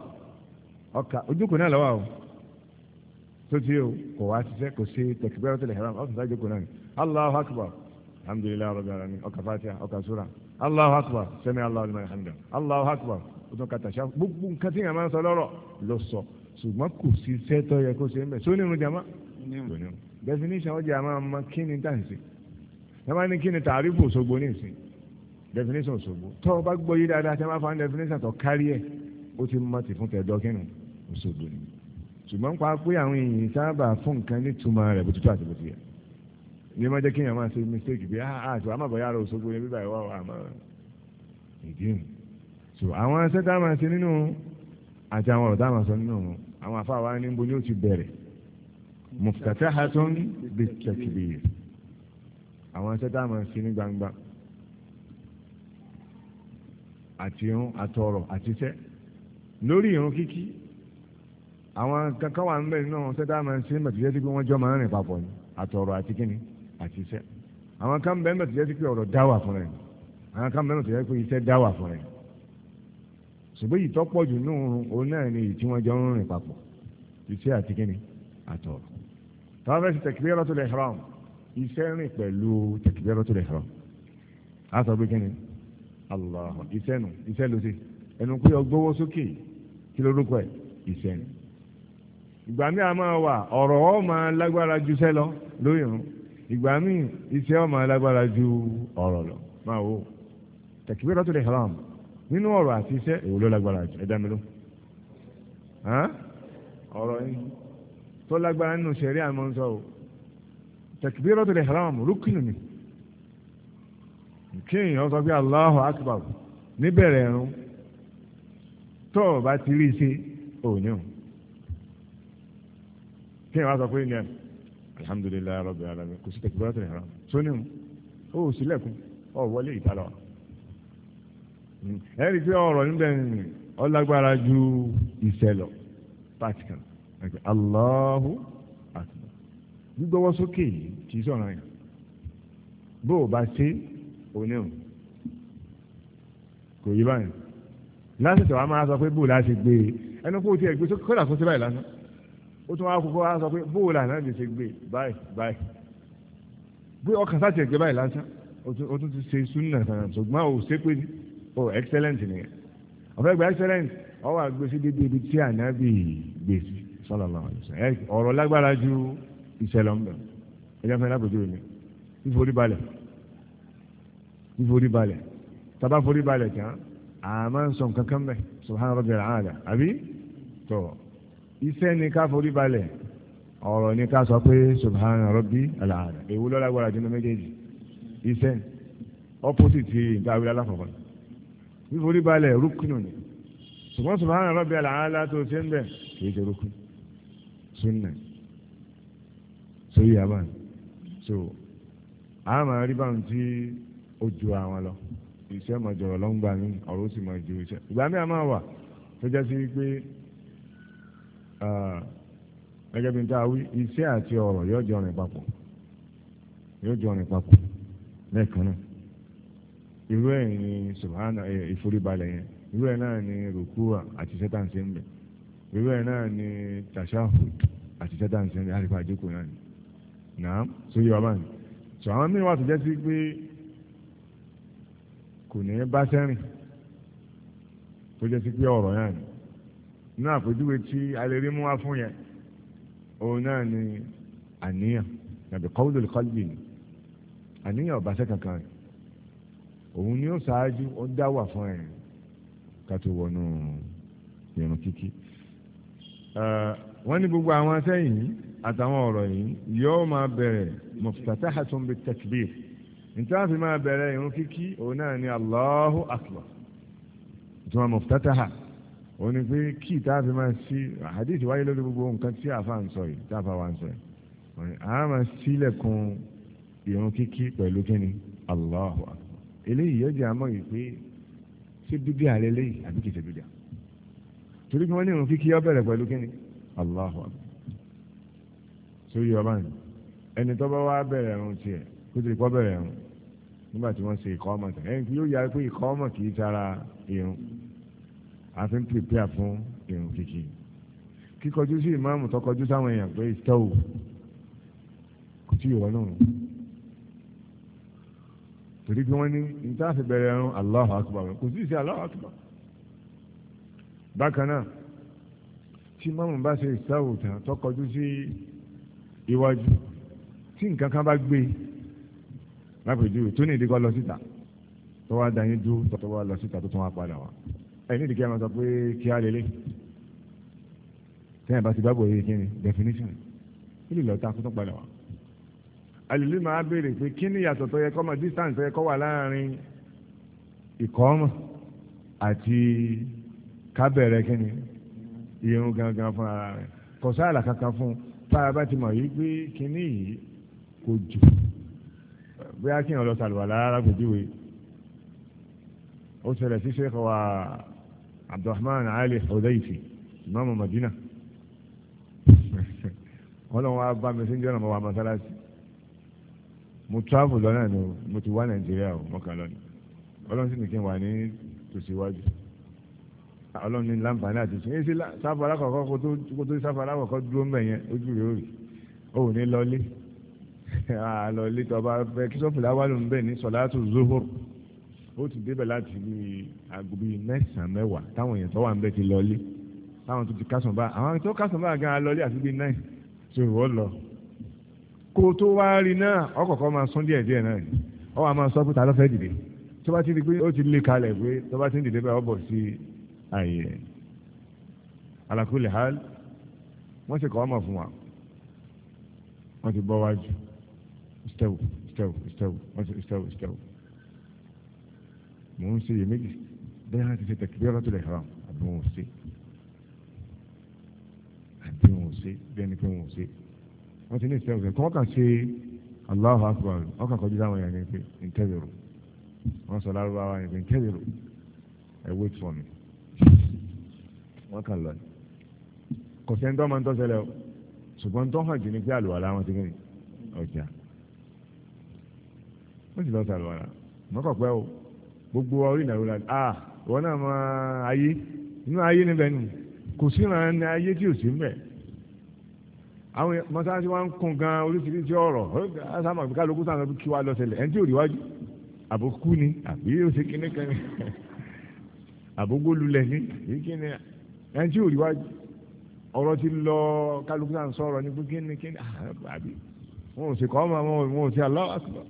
ọkà ojúkò náà lọ́wọ́ o tó ti o kò wá ṣiṣẹ́ kò ṣe takbiratul ihram ọ̀sàjọ àjọkò náà ni Allahu akbar alhamdulilayi rabbil alamin ọkà fatiha ọkà sura Allahu akbar sami Allahu liman hamdah Allahu akbar o tún ka tàṣà gbogbo nǹkan yàrá máa ń sọ lọ́rọ̀ ló sọ ṣùgbọ́n kò sí iṣẹ́ tó yẹ kó ṣe ń bẹ̀ sóní irun jama definition ọjà máa ma kí ni tá à ń ṣe ẹ máa ní kí ni tàrífù òṣogbo ní ìsìn definition òṣogbo tó o bá gbọ́ yí dáadáa tí a máa fa ní definition tó kárí ẹ̀ ó ti mọ ti fún tẹ̀dọ́ kínú òṣogbo ni ṣùgbọ́n pa pé àwọn èèyàn sábà fún nǹkan nítumọ̀ rẹ̀ bó ti tó àti bó ti yẹ ní ma jẹ́ kí èèyàn máa ṣe mistake bí àtọ̀ àmàbọ̀yà rẹ̀ òṣogbo ni bíbá ìwà àmọ́ ìdí nù so àwọn sẹ́tà máa ṣe nínú àti àwọn ọ̀rọ̀ táwọn sọ nínú òun àwọn àfa wa ní bóyá ó ti bẹ̀rẹ̀ muftatahatun bitakbir àwọn iṣẹ́ táwọn ṣe ní gbangba àti irun àtọ̀rọ̀ àti iṣẹ́ lórí irun kíkí àwọn kankan wà níbẹ̀ nínú àwọn iṣẹ́ táwọn ṣe ní bàtìjẹ́ sí pé wọ́n jọ máa ń rìn papọ̀ ni àtọ̀rọ̀ àti kíni àti iṣẹ́ àwọn kan bẹ́ẹ̀ bàtìjẹ́ sí pé ọ̀rọ̀ dáwà fúnra ẹ̀ àwọn kan bẹ́ẹ̀ bàtìjẹ́ sí pé iṣẹ́ dáwà fúnra ẹ̀ ṣùgbọ́n èyí tó pọ̀ jù nínú òun náà ni èyí tí wọ́n jọ ń rìn papọ̀ iṣẹ́ àti kíni àtọ̀rọ̀ táwọn fẹ́ ṣe takbiratul ihram iṣẹ́ rìn pẹ̀lú takbiratul ihram á sọ pé kíni Allah iṣẹ́ nu iṣẹ́ ló ṣe ẹnu pé ọgbọ́wọ́ sókè kí lórúkọ ẹ̀ iṣẹ́ nu ìgbà míì a máa wà ọ̀rọ̀ ọ́ máa lágbára ju iṣẹ́ lọ lórí irun ìgbà míì iṣẹ́ ọ́ máa lágbára ju ọ̀rọ̀ lọ máa wò takbiratul ihram nínú ọ̀rọ̀ àti iṣẹ́ èwo ló lágbára jù ẹ̀dá mi ló ọ̀rọ̀ yìí tó lágbára nínú ṣẹ̀rí àmọ́ ń sọ o takbiratul ihram rúkìnì mi kí èèyàn sọ pé Allahu akbar níbẹ̀rẹ̀ ẹ̀rùn tó o bá ti rí i ṣe òní o kí èèyàn sọ pé ní ẹ alhamdulilayi rabbil alamin kò sí takbiratul ihram sóní o ó sì ọ̀ wọlé ìtàlọ́wọ́. Mm. ẹ̀rí pé ọ̀rọ̀ níbẹ̀ ni ọlágbára ju ìṣẹ̀lọ̀ pàtì kan ẹ̀pẹ́ Aláhu Akbar gbígbọ́wọ́ sókè yìí kì í sọ̀rọ̀ yẹn bó o bá ṣe oníhùn kò yí báyìí lásìkò wa máa sọ pé bó o láti gbé e ẹnu kó o ti ẹ̀ gbé sókè kódà kó o ti báyìí lásán ó tún wá kókó wá sọ pé bó o là náà lè ṣe gbé e. báyìí báyìí bí ọkàn sáà ti ẹ̀ gbé báyìí lásán ó tún ti ṣe súnà o oh, excellent ni ọ̀fẹ́ gba excellent ọwọ́ àgbèsí dídí ibi tí ànábì gbèsè sallallahu alaihi wasallam ọ̀rọ̀ lágbára ju ìṣẹ̀lẹ̀ ọ̀nbẹ̀ ẹ̀jẹ̀ fẹ́ lápòjú mi fíforí balẹ̀ fíforí balẹ̀ tàbá forí balẹ̀ tán àmà ń sọ nǹkan kan bẹ̀ subhana rabbil ala àbí tọ̀ iṣẹ́ ni ká forí balẹ̀ ọ̀rọ̀ ni ká sọ pé subhana rabbil ala èwo ló lágbára jùlọ méjèèjì iṣẹ́ opposite nǹkan awilá láfọ̀kọ́ ni fíforí balẹ̀ rúkúnù ni ṣùgbọ́n subhana rabbiyal aala tó ṣe ń bẹ̀ kìí ṣe rúkúnù sunna sórí yaba so a máa rí báwọn tí ó ju àwọn lọ iṣẹ́ máa jọ̀rọ̀ lọ́ngbà mi ọ̀rọ̀ sì máa ju iṣẹ́ ìgbà mi àmà wà tó jẹ́ sí pé gẹ́gẹ́ bí n ta wí iṣẹ́ àti ọ̀rọ̀ yóò jọrin papọ̀ yóò jọrin papọ̀ lẹ́ẹ̀kan náà irú ẹ̀ ní subhana eh, ìforíbalẹ̀ yẹn irú ẹ̀ náà ní rukua àti sẹ́tàǹsì ń bẹ̀ irú ẹ̀ náà ní tashahud àti sẹ́tàǹsì ń bẹ̀ àti fàájì kù náà ni náà so yẹ ọba ni so àwọn míì wà tó jẹ́ sí pé kò ní bá sẹ́rìn tó jẹ́ sí pé ọ̀rọ̀ yẹn ni inú àpèjúwe tí alẹ́rí mú wá fún yẹn òun náà ni àníyàn nàbẹ̀kọ́ wúlò lè kọ́ àníyàn ọ̀bàṣẹ́ kankan rẹ̀ òun ni ó ṣáájú ó dá wà fún ẹ ká tó wọnú irun kíkí wọ́n ní gbogbo àwọn sẹ́yìn àtàwọn ọ̀rọ̀ yìí yóò máa bẹ̀rẹ̀ muftatahatun bitakbir níta fi máa bẹ̀rẹ̀ irun kíkí òun náà ni Allahu akbar ìtumọ̀ muftataha òun ni pé kí ìta fi máa sí àdìsí wáyé lórí gbogbo nǹkan tí àfa ń sọ yìí táfa wa ń sọ yìí àwọn máa sílẹ̀kùn irun kíkí pẹ̀lú kíni Allahu akbar eléyìí yọjọ àmọ́ yìí pé ṣé bíbí àlẹ́ lẹ́yìn àbí kìí ṣe bíbí à torí pé wọ́n ní ìrun kíkí ó bẹ̀rẹ̀ pẹ̀lú kíni Allahu akbar sórí ọba ni ẹni tó bá wá bẹ̀rẹ̀ ẹ̀rùn tiẹ̀ kó tó lè kọ́ bẹ̀rẹ̀ ẹ̀rùn nígbà tí wọ́n ṣe ìkọ́ ọmọ tẹ̀ ẹni tí yóò yára pé ìkọ́ ọmọ kì tara irun àfi ń pèpè fún irun kíkí kíkọjú sí ìmáàmù tó kọjú sáwọn èèyàn pé ìtọ́wò kò tí ì wọ́n náà torí pé wọ́n ní ìtàfi bẹ̀rẹ̀ ẹ̀rùn Allahu Akbar kò sí ìṣe Allahu Akbar. bákan náà tí mọ́mù bá ṣe ìsáwòtàn tó kọjú sí iwájú tí nǹkan kan bá gbé lápèjúwe tó ní ìdíkọ́ lọ síta tó wá da yín dúró tó wá lọ síta tó tún wá padà wá ẹni ìdíkẹ́ ẹ̀ máa sọ pé kí á lélẹ̀ tẹ́yìn bá ti dábò yé kí ni definition kí lè lọ́ọ́ ta kó tó padà wá alìlí máa béèrè pé kí ni ìyàtọ̀ tó yẹ kọ́ mọ̀ distance tó yẹ kọ́ wà láàrin ìkọ́mọ̀ àti kábẹ̀rẹ̀ kí ni irun gangan fún ara rẹ̀ kò sáàlà kankan fún tá a bá ti mọ̀ yìí pé kí ni yìí kò jù bóyá kí n lọ sàlùwà lára gbèjúwe ó ṣẹlẹ̀ sí Sheikh wa Abdulrahman Ali Hudayfi Imam Madina *laughs* ọlọ́run wa bá mi sí ń jẹ́ ọ̀nà mọ́ wa mọ́sálásí mo travel lọ́nà ni mo ti wá nàìjíríà o mọ́kàn lọ́nà ọlọ́run sì ní kí n wà ní tòsíwájú ọlọ́run ní láǹfààní àti ṣe é ṣe sáfà alákọ̀ọ́kọ́ kó tó sáfà alákọ̀ọ́kọ́ dúró ń bẹ̀ yẹn ojú rẹ̀ òrì ó ò ní lọlé àlọ́lé *laughs* tó bá fẹ́ kí sọ́fìlà wà ló ń bẹ̀ ní sọ̀láàtù zuhur ó ti débẹ̀ láti bí aago bíi mẹ́sàn-án mẹ́wàá táwọn èèyàn tó wà ń bẹ̀ ti lọlé táwọn tó ti kásùn bá àwọn tó kásùn bá gan-an lọlé àti bíi náà ṣe wọ́ lọ kó o tó wá rí náà ọkọ̀ọ̀kan máa sún díẹ̀ díẹ̀ náà ni ọ wà máa sọ pé ta ló fẹ́ dìde tó bá ti di pé ó ti lé kalẹ̀ pé tó bá ti ń dìde báyọ̀ bọ̀ sí àyè alakule hal wọ́n sì kọ́ ọmọ fún wa wọ́n ti bọ́ wájú stẹ́wù stẹ́wù stẹ́wù wọ́n ti stẹ́wù stẹ́wù mò ń ṣe iyèméjì bẹ́ẹ̀ láti ṣe takbiratul ihram àbí wọn ò ṣe àbí wọn ò ṣe bẹ́ẹ̀ ni pé wọn ò ṣe wọ́n ti ní ìṣẹ́ ọ̀sẹ̀ kí wọ́n kàn ṣe Allahu Akbar wọ́n kàn kọjú sáwọn èèyàn ní pé ìtẹ́bẹ̀rù wọ́n sọ lárúbáwá ní pé ìtẹ́bẹ̀rù ẹ wait for me wọ́n kàn lọ kò sẹ́ni tó máa ń tọ́sẹ̀lẹ̀ o ṣùgbọ́n tó hàn jù ní pé àlùwàlá wọn ti kí ni ọjà wọ́n ti lọ sí àlùwàlá mọ́kọ̀ pẹ́ o gbogbo wa orí ìnáwó la ah ìwọ náà máa ayé inú ayé níbẹ̀ nù kò sí ìrànlẹ́ ayé tí ò sí ń àwọn mọ́sáàsì wa ń kún gan oríṣiríṣi ọ̀rọ̀ sáàmù àbíká lókùn sáàmù àbí kí wa lọ sẹlẹ̀ ẹni tí ò rí wájú àbókú ni àbí oṣù kínní kan ni *laughs* àbókú lulẹ̀ ni èyí kínní ẹni tí ò rí wájú ọ̀rọ̀ ti lọ kálukú sáàmù sọ̀rọ̀ ni pé kínní kínní ah, àbí wọn ò sì kọ́ ọmọ wọn ò sì Allahu Akbar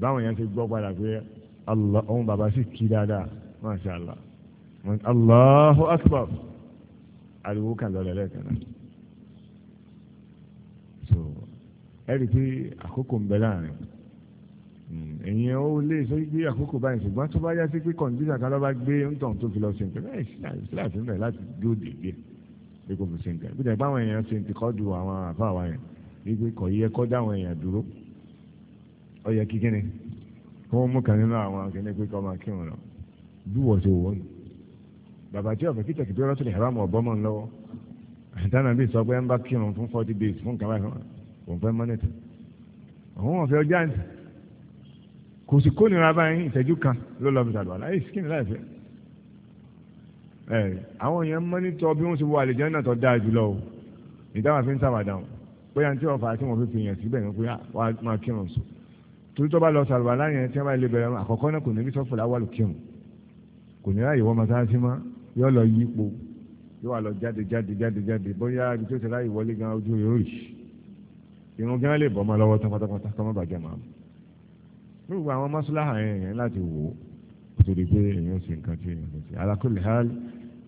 báwọn yẹn ti gbọ́ padà pé ọ̀hún bàbá sì kí dáadáa Masha Allah Allahu Akbar ariwo kan lọ lẹ́lẹ́kan náà. ẹ rí i pé àkókò ń bẹ láàrin èyàn ó lè sọ pé àkókò báyìí ṣùgbọ́n tó bá yá sí pé kọ̀ǹdíṣà kan ló bá gbé ńtọ̀ tó fi lọ sí nǹkan bẹ́ẹ̀ síláàsì ńlẹ̀ láti dúró dèdè pé kò fi ṣe nǹkan bí dàgbà àwọn èèyàn ṣe ti kọ́ du àwọn àfa wa yẹn wípé kò yẹ kọ́ dá àwọn èèyàn dúró ó yẹ kí kíni kó wọ́n mú kan nínú àwọn akẹ́ni pé kọ́ máa kí wọn lọ bí wọ́n ṣe wọ́n bàbá tí ọ̀fẹ́ kíkẹ́ kìdúró lọ́sọ̀rọ̀ ìhàrámù ọ̀bọ́mọ̀ ńlọ́wọ́ àtànà bíi sọ pé ń bá kírun fún forty days fún kàwáì òun fẹ́ mọ́nẹ́tì òun wọ́n fẹ́ ọjà ní kò sì kónira báyìí ìtẹ́jú kan ló lọ́ọ́ fi ṣàdùn àlá èsì kìnìún láìpẹ́ ẹ àwọn èèyàn mọ́nítọ́ bí wọ́n ti wọ àlejò náà tó dáa jùlọ o ìdáhùn àfi ń sàwádà o bóyá ní tí wọ́n fà á tí wọ́n fi fi yàn síbẹ̀ ní pé wàá máa kírun sùn torí tó bá lọ sàlùwà láyẹn tí wọ́n bá lè bẹ̀rẹ̀ àkọ́kọ́ náà kò ní rí sọ́fùlà wà lù kírun kò ní ráyè wọ́n mọ́sáàsì mọ́ yóò lọ yípo yóò wà lọ jáde jáde jáde jáde bóyá ibi tó ti ráyè wọlé gan ojú yóò rí irun gan lè bọ́ ọmọ lọ́wọ́ tán pátápátá kọ́ mọ́ bàjẹ́ máa mú gbogbo àwọn mọ́sálásá yẹn yẹn láti wò ó kó tó di pé èèyàn ṣe nǹkan tí èèyàn ṣe ala kulli hal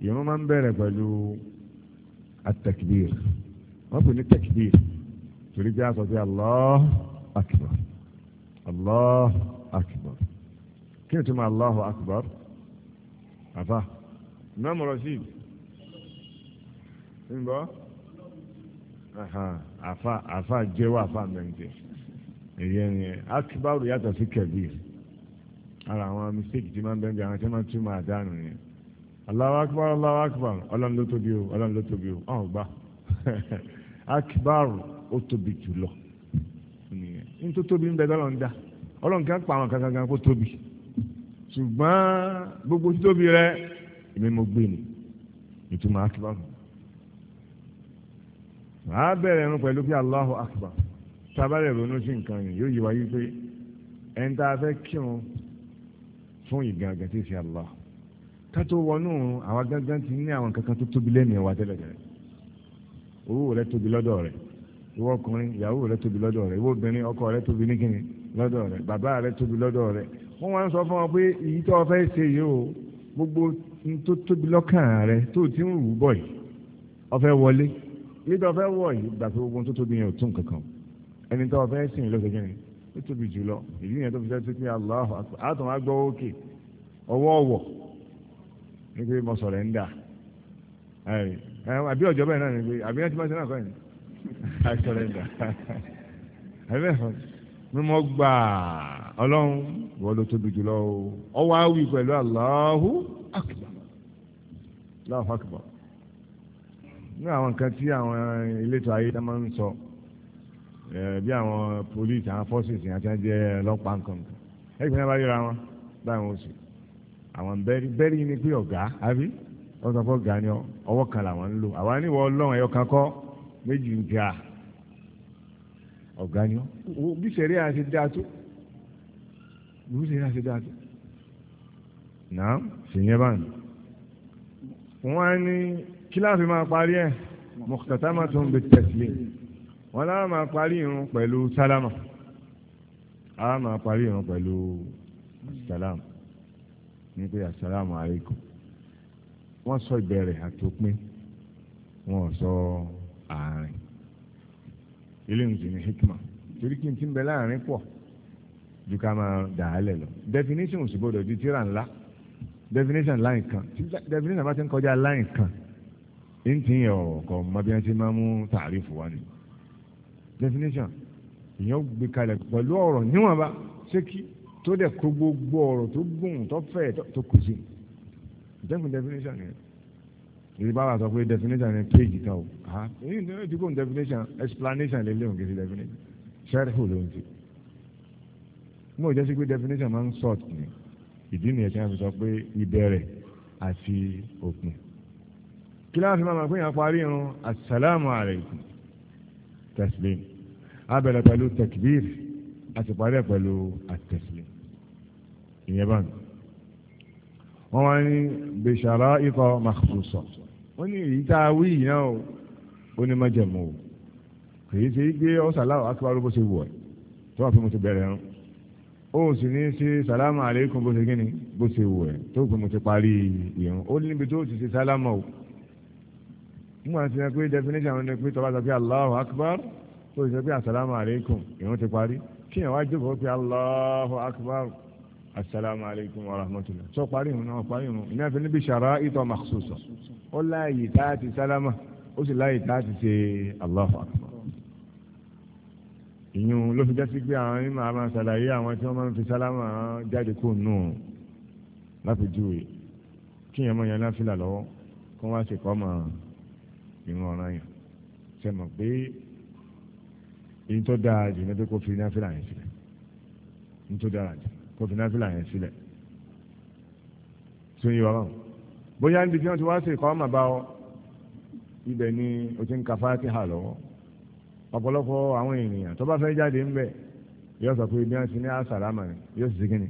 irun máa ń bẹ̀rẹ̀ pẹ̀lú atakbir wọ́n pè ní takbir torí pé a sọ pé allah akbar allah akbar kí ni túmọ̀ allahu akbar àfa ìmọ̀ mọ̀rọ̀ sí i àfa àfa jẹ́wọ́ àfa mẹ́ǹtẹ̀ èyí ẹni ara wọn mistake tí ma ń bẹ́ǹbẹ̀ àwọn tí máa ń túmọ̀ àdánù yẹn Allahu akbar Allahu akbar ọlọ́run ló o ọ ló tóbi o ọ̀hún gbà *laughs* akibaru kan kankan rẹ mo gbé ni ma akibaru a bẹ̀rẹ̀ ẹnu pẹ̀lú pé Allahu Akbar tabalẹ̀ ronú sí nǹkan yẹn yóò yí wáyé pé ẹni tá a fẹ́ kírun fún ìgangan tí ì fi Allah ká tó wọnú àwa gángan ti ní àwọn kankan tó tóbi lẹ́nu ẹ̀wà tẹ́lẹ̀tẹ́lẹ̀ owó rẹ tóbi lọ́dọ̀ rẹ ìwọ ọkùnrin ìyàwó rẹ tóbi lọ́dọ̀ rẹ ìwọ obìnrin ọkọ rẹ tóbi ní lọ́dọ̀ rẹ bàbá rẹ tóbi lọ́dọ̀ rẹ wọ́n wá ń sọ fún ọ pé èyí tó o fẹ́ ṣe yìí o gbogbo tó tóbi lọ́kàn rẹ tó ti ń rù bọ̀ yìí o fẹ́ wọlé ilé tó fẹ́ wọ̀ yìí gbà tó ogun tó tóbi yẹn ò tún kankan ẹni tó fẹ́ sìn ló ṣe kíni ó tóbi jùlọ ìdí yẹn tó fi ṣe pé Allahu akbar àtọ̀ wọn gbọ́ òkè ọwọ́ ọ̀wọ̀ ní pé mo sọ̀rọ̀ ń dà àbí ọ̀jọ̀ bẹ́ẹ̀ náà ni pé àbí ẹ̀ tí wọ́n ti náà kọ́ yẹn àìsọ̀rọ̀ ń dà àbí ẹ̀fọ́ mímọ́ gbà ọlọ́run wọ́n ló tóbi jùlọ ọwọ́ àwì pẹ̀lú Allahu akbar Allahu akbar ní àwọn nǹkan tí àwọn elétò ayé tá máa ń sọ bí àwọn police àwọn forces àti àwọn jẹ ọlọ́pàá nǹkan ẹgbẹ́ náà bá yọra wọn báwọn oṣù àwọn bẹ́rí bẹ́rí ni pé ọ̀gá àbí wọ́n sọ fún ọ̀gá ni ọwọ́ kan làwọn ń lò àwa níwọ̀ ọlọ́run ẹ̀yọ kan kọ́ méjì ń ga ọ̀gá ni ọ́ bí sẹ̀rí àti dáa tó bí sẹ̀rí àti dáa tó náà ṣèyẹn báyìí wọ́n á ní kí láàfin máa parí ẹ̀ mọ̀kítàtàmà tó ń bẹ tẹ̀sílẹ̀ wọn láà máa parí irun pẹ̀lú sálámà a máa parí irun pẹ̀lú sálámà ní pé àsálámù àríkù wọ́n sọ ìbẹ̀rẹ̀ àtòpin wọ́n sọ àárín ilé ìjìn ní hikma torí kí n ti ń bẹ láàrin pọ̀ ju ká máa dà á lẹ̀ lọ definition sì gbọdọ̀ ju tíra ńlá definition line kan definition bá ti ń kọjá line kan ntí yẹn ọkọ mọbíyàn ti máa mú ni definition ìyẹn gbé kalẹ̀ pẹ̀lú ọ̀rọ̀ níwọ̀nba ṣékí tó dẹ̀ kó gbogbo ọ̀rọ̀ tó gùn tó fẹ̀ tó kù sí ìjẹ́kùn definition yẹn ìdí bá wà sọ pé definition yẹn péjì kan o ha èyí ni ìdí definition explanation lè léwu kìí definition sẹ́rífù ló ń ti mo jẹ́ sí pé definition máa ń sọ̀tì ni ìdí nìyẹn tí wọ́n fi sọ pé ìbẹ̀rẹ̀ àti òpin kí láàfin máa máa pín yàn parí irun asalaamu alaykum taslim abẹ̀rẹ̀ pẹ̀lú takbir àti parí ẹ̀ pẹ̀lú ataslim ìyẹn báyìí wọ́n wá ní bẹ̀sàrà ikọ̀ makhsusa ó ní èyí tá a wí yìí náà ó ní májẹ̀mú o kì í ṣe gbé ọ̀sàláwò akíwárò bó ṣe wù ẹ́ tó wà fún mo ti bẹ̀rẹ̀ ẹ̀rùn ó sì ní ṣe sàlámà àlékún bó ṣe gíní bó ṣe wù ẹ́ tó pé mo ti parí ìrun ó níbi tó ti ṣe sálámà o nígbà tí wọ́n pé definition wọn ni pé tọ́ba sọ pé Allahu Akbar tó sọ pé asalaamu aleykum ìwọ́n ti parí kí ẹ̀ wá jókòó pé Allahu Akbar asalaamu aleykum wa rahmatulah sọ parí ìrun náà parí ìrun ìyá fi níbi ṣàrá ìtọ̀ makhsusa ó láàyè tá a ti sálámà ó sì láàyè tá a ti ṣe Allahu Akbar ìyún ló fi jásí pé àwọn mímọ àwọn àṣàlàyé àwọn tí wọn máa ń fi sálámà jáde kó nù láfi júwe kí yẹn mọ yẹn láfìlà lọ́wọ́ kó wá ṣe kọ́ mọ́ ìrún ọ̀ràn yàn ṣe mọ̀ pé èyí tó dára jù ní pé kó fi náfìlà yẹn sílẹ̀ ní tó dára jù kó fi náfìlà yẹn sílẹ̀ tó yẹ wá báwọn bóyá níbi tí wọ́n ti wá sí ìkọ́ ọmọ bá ọ ibẹ̀ ni o ti ń ka fátíhà lọ́wọ́ ọ̀pọ̀lọpọ̀ àwọn ènìyàn tó bá fẹ́ jáde ń bẹ̀ yóò sọ pé bí wọ́n ti ní àsàlámà ni yóò sì kíni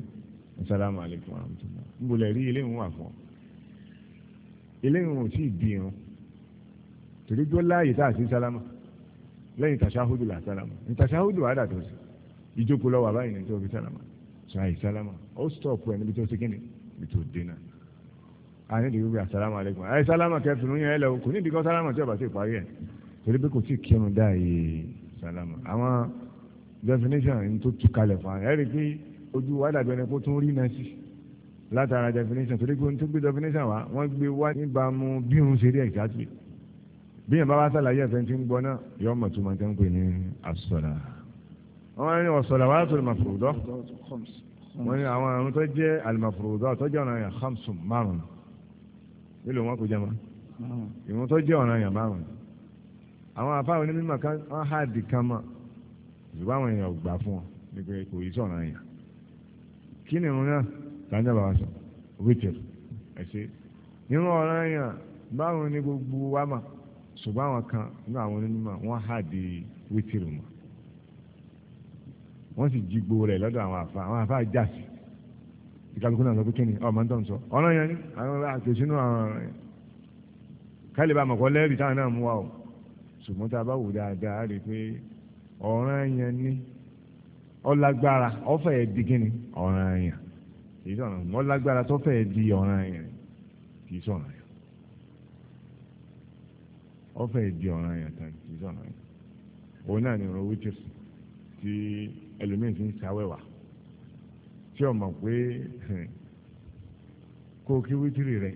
àsàlámà àlekún àwọn tó ń rí ilé ìwọ̀n wà fún ọ ilé ìwọ̀n ò tí bí irun torí dúró láàyè tá a sí sálámà lẹ́yìn tàṣáhùdù là sálámà ní tàṣáhùdù wà dàtọ̀ sí ìjókòó lọ́wọ́ àbáyé ní tó fi sálámà sọ àyè sálámà ó stọ̀pù ẹ̀ níbi tó ṣe kíni níbi tó dé náà àní ìdìbò bí asàlámù alẹ́kùn àyè sálámà kẹfìrún yẹn lẹ kò ní ìdíkọ́ sálámà tí ọba ti parí ẹ̀ torí pé kò tí kírun dá àyè sálámà àwọn definition ní tó tú kalẹ̀ fún ẹ̀ rí pé ojú wa dàbí ẹni kó tún rí náà sí látara definition torí pé ohun tó gbé definition wa wọ́n gbé wá níbàámu bí òun ṣe rí exactly bí yẹn bá wá sàlàyé ẹ̀fẹ́ tí ń gbọ́ náà yọ ọmọ tó máa ń pè ní àsọ̀là wọ́n ní ọ̀sọ̀là wàá tó màfòròdọ́ wọ́n ní àwọn àrùn tó jẹ́ àlùmàfòròdọ́ tó jẹ́ ọ̀nà àyà hamsun márùn-ún nílò wọn kò jẹ́ ma ìwọ̀n tó jẹ́ ọ̀nà àyà márùn-ún àwọn afáwọn onímọ̀ kan wọ́n há di kan mọ̀ ṣùgbọ́n àwọn èèyàn gbà fún wọn ní pé kò yí sọ̀rọ̀ àyà kí ni ìrún náà tàǹdà bàbá sọ wíìtì ẹ̀ ṣe nínú ọ̀rọ̀ àyà báwọn ni gbogbo wa máa ṣùgbọ́n àwọn kan nínú àwọn onímọ̀ wọ́n hà di wítìrì mọ́ wọ́n sì jí gbowó rẹ̀ lọ́dọ̀ àwọn àfa àwọn àfa já sí ìkàlùkù náà sọ pé kíni ọmọ tó ń sọ ọ̀nà yẹn ni àwọn àtẹ̀sínú àwọn ọ̀rọ̀ yẹn káyọ̀ bá mọ̀kọ́ lẹ́rìí táwọn náà mú wa o ṣùgbọ́n tá a bá wò dáadáa rí i pé ọ̀ràn yẹn ni ọlágbára ọ̀fẹ́ yẹn di kíni ọ̀ràn yẹn kì í sọ̀ràn ọlágbára tó fẹ́ di ọ̀ràn yẹn kì í sọ̀ràn ọ̀fẹ́ di ọ̀ràn yẹn tán kì í sọ̀ràn yẹn òun náà ni ọ̀rọ̀ wítìrì tí ẹlòmíín ti ń sáwẹ́wà tí ọmọ pé kó o kí wítìrì rẹ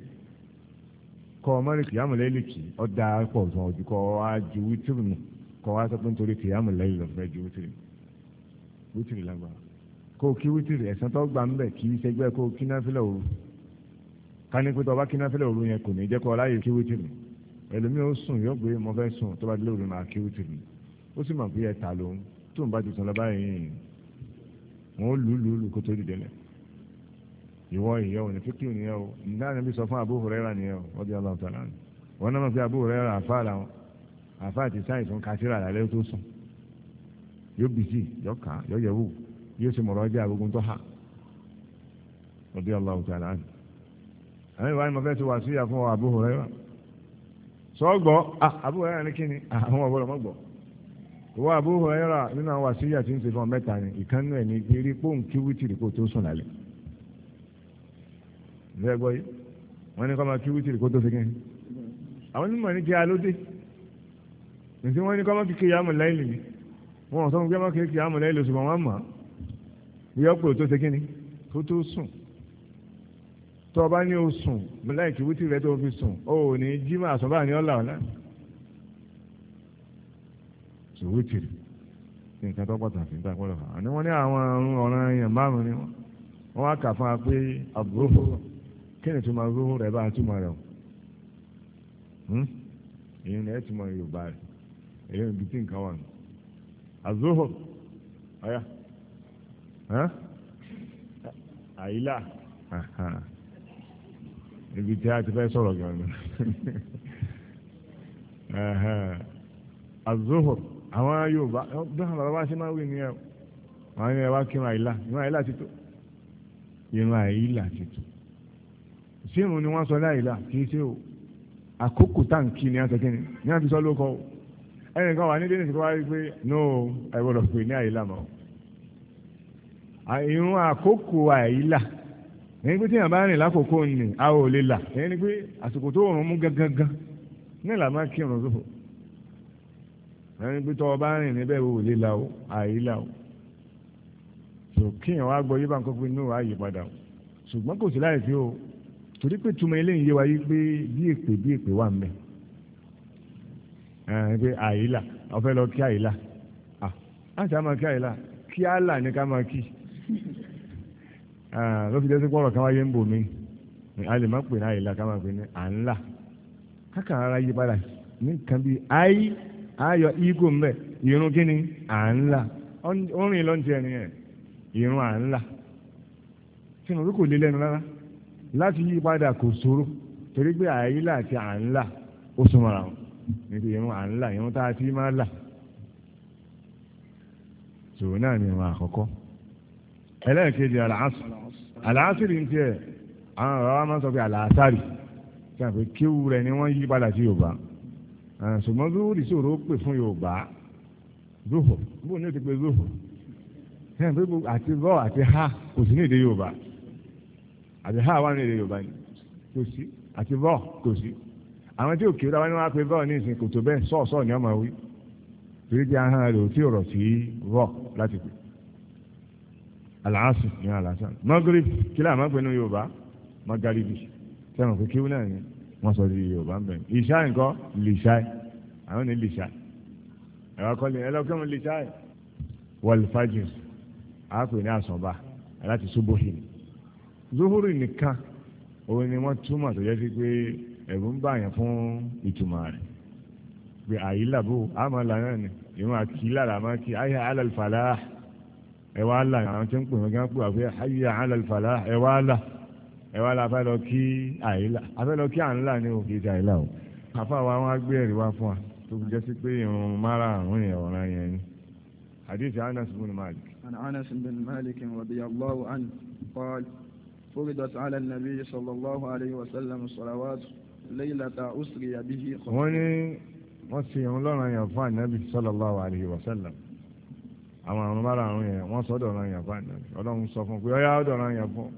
kọ́ ọmọ rẹ kìyàmù lẹ́lì kì ọ̀dà pọ̀ tán ojú kọ́ wa ju wítìrì nù kọ́ wa sọ pé nítorí kìyàmù lẹ́lì lọ́fẹ́ ju wítìrì wítìrì lágbára kó o kí wítìrì ẹ̀sán tó gbà ń bẹ̀ kì í ṣẹgbẹ́ kó o kí náfìlà òru ká ní pé tó o bá kí náfìlà òru yẹn kò ní jẹ́ kó o láyè kí wítìrì ẹlòmí ó sùn yóò gbé mo fẹ́ sùn tó bá délé òdùnà àkíwìtì mi ó sì mọ̀ pé ẹ̀ta lòun tó ń bá tuntun lọ báyìí wọn ó lù lù lù kó tó dìde lẹ̀ ìwọ ìyẹ́ òní fíkì nìyẹn o nígbà níbi sọ fún Abu Hurairah nìyẹn o wọ́n di ọlọ́run tọ́lá ni wọn náà mọ̀ pé Abu Hurairah àfa làwọn àfa àti sáyẹ̀nsì ń ka síra tó sùn yóò bìsì yóò kà yóò yẹ wù yóò sì mọ̀rọ̀ ọjà gbogbo tó hà wọ́n di ọlọ́run tọ́lá ni àwọn ìwà ni mo fẹ́ ti wà síyà fún Abu Hurairah sọ́gbọ́ ah, Abu Hurairah ní kíni ah, àwọn ọ̀bọ̀rọ̀ mọ́gbọ́ ìwọ Abu Hurairah nínú àwọn àṣírí àti níṣe fún mẹ́ta ni ìkànnì ẹ̀ ní gbérí pọ́ùn kí wítìrì kó tó sùn lálẹ́ bẹ́ẹ̀ gbọ́ yìí wọ́n ní kó máa kí wítìrì kó tó fi kíni àwọn onímọ̀ ní kí alóde nìtí wọ́n ní kó máa kíkì yàmù láìlì ni wọ́n sọ fún kí wọ́n máa kíkì yàmù láìlì ṣùgbọ́n wọ́n mọ̀ tó o bá ní o sùn láìkí wítì rẹ tó o fi sùn o ò ní jí máa sọ báà ní ọ̀là ọ̀la sọ wítì rẹ nǹkan tó pàtàkì níta pọ̀lọ̀ kan àní wọ́n ní àwọn ọ̀run ọ̀ràn èèyàn márùn-ún ni wọ́n wọ́n á kà fún wa pé àbúrò kí ni tó máa ró rẹ̀ bá a túmọ̀ rẹ̀ o hmm? èyí ni ẹ ti mọ yorùbá rẹ̀ èyí ni bìtì nǹkan wà ní àzóhò ọ̀yà àyílà ibi tí a ti fẹ́ sọ̀rọ̀ gan-an azuhur àwọn yorùbá dọ́kàn bàbá wa ṣe máa ń wí nìyẹn àwọn ènìyàn wa kírun àìlà ìrun àìlà ti tó ìrun àìlà ti tó ṣé ìrun ni wọ́n sọ ní àìlà kì í ṣe o àkókò táǹkì ni a sọ ní a fi sọ lóko o ẹnìkan wà ní dénì tí kò wá rí pé no ẹ gbọdọ̀ pè ní àìlà mọ́ ìrun àkókò àìlà ní pé tíyàn bá rìn lákòókò ni a ò lè là èyí ni pé àsìkò tó rùn mú gangan ní ìlànà kírun tó fò ẹni pé tọ́ ọ rìn níbẹ̀ ò lè là ó àyè là ó tó kíyàn wá gbọ́ yíba nǹkan pé inú wa yí padà ó ṣùgbọ́n kò sí láì fi o torí pé túmọ̀ eléyìí yé wa yí pé bí èpè bí èpè wà ń bẹ̀ ẹni pé àyè là ọ̀fẹ́ lọ kí àyè là àti àmọ́ kí àyè là kí á là ní ká máa kí. Ah, ló fi ń bò mí a lè má pè ní àyílá ká máa pè ní à ń là ara yí padà ní nǹkan bíi mbẹ irun à ń là orin ló ń irun à ń là sínú orí kò lé lẹ́nu rárá láti yí padà kò ṣòro torí pé àyílá àti à ń là ó wọn níbi irun à ń là irun tá a ti là àlàásìrì ń tiẹ̀ àwọn ọ̀rọ̀ wa máa ń sọ pé àlàásàrì kí àpè kíwù rẹ̀ ni wọ́n yí padà sí yorùbá ṣùgbọ́n zuhuri ṣòro pè fún yorùbá zuhur bó ní o ti pè zuhur ẹn pé àti rọ àti ha kò sí ní èdè yorùbá àti ha wà ní èdè yorùbá ni kò sí àti rọ kò sí àwọn tí òkè wọn ni wọn á pè rọ ní ìsìn kò tó bẹ́ẹ̀ sọ̀ọ̀sọ̀ ni wọ́n máa wí torí pé ahọ́n rẹ̀ ò tí ò rọ̀ sí rọ láti pè aláàsì ní alásán magrib kí láà má pè ní yorùbá magaribi sẹ́wọ̀n pé kíwú náà ni wọ́n sọ di yorùbá ń bẹ̀ ní ìṣáì ńkọ́ lìṣáì àwọn ní lìṣáì ẹ̀wá kọ́lé ẹ lọ́kẹ́ mu lìṣáì wàlúfàjì á pè ní àsọ̀bà láti ṣubúhì zuhuri nìkan òun ni wọ́n túmọ̀ tó yẹ sí pé ẹ̀rù ń bàyàn fún ìtumọ̀ rẹ̀ pé àyílàbò àmọ́ làwọn ni ìwọ̀n àkìlà làwọn kì áyà alàlùfàlà ẹ wá là àwọn tí ń pè wọn kí wọn pè wá pé hayya ala al-falah ẹ wá là ẹ wá là afẹ́ lọ kí àyílà afẹ́ lọ kí à ń là ní òkè ìjà àyílà o àfa wa wọn á gbé ẹ̀rí wá fún wa tó fi jẹ́ sí pé irun mara àrùn yẹn ọ̀ràn yẹn ni hadith anas bin malik. an anas bin malik radiyallahu anhu qala furidat ala nabi sallallahu alayhi wa sallam salawat laylata usriya bihi. wọ́n ní wọ́n ti irun lọ́ràn yẹn fún anabi sallallahu alayhi wa sallam àwọn àrùn bára àrùn yẹn wọ́n sọ dọ̀rọ̀ yẹn fún àná ọlọ́run sọ fún pé ọyá dọ̀rọ̀ yẹn fún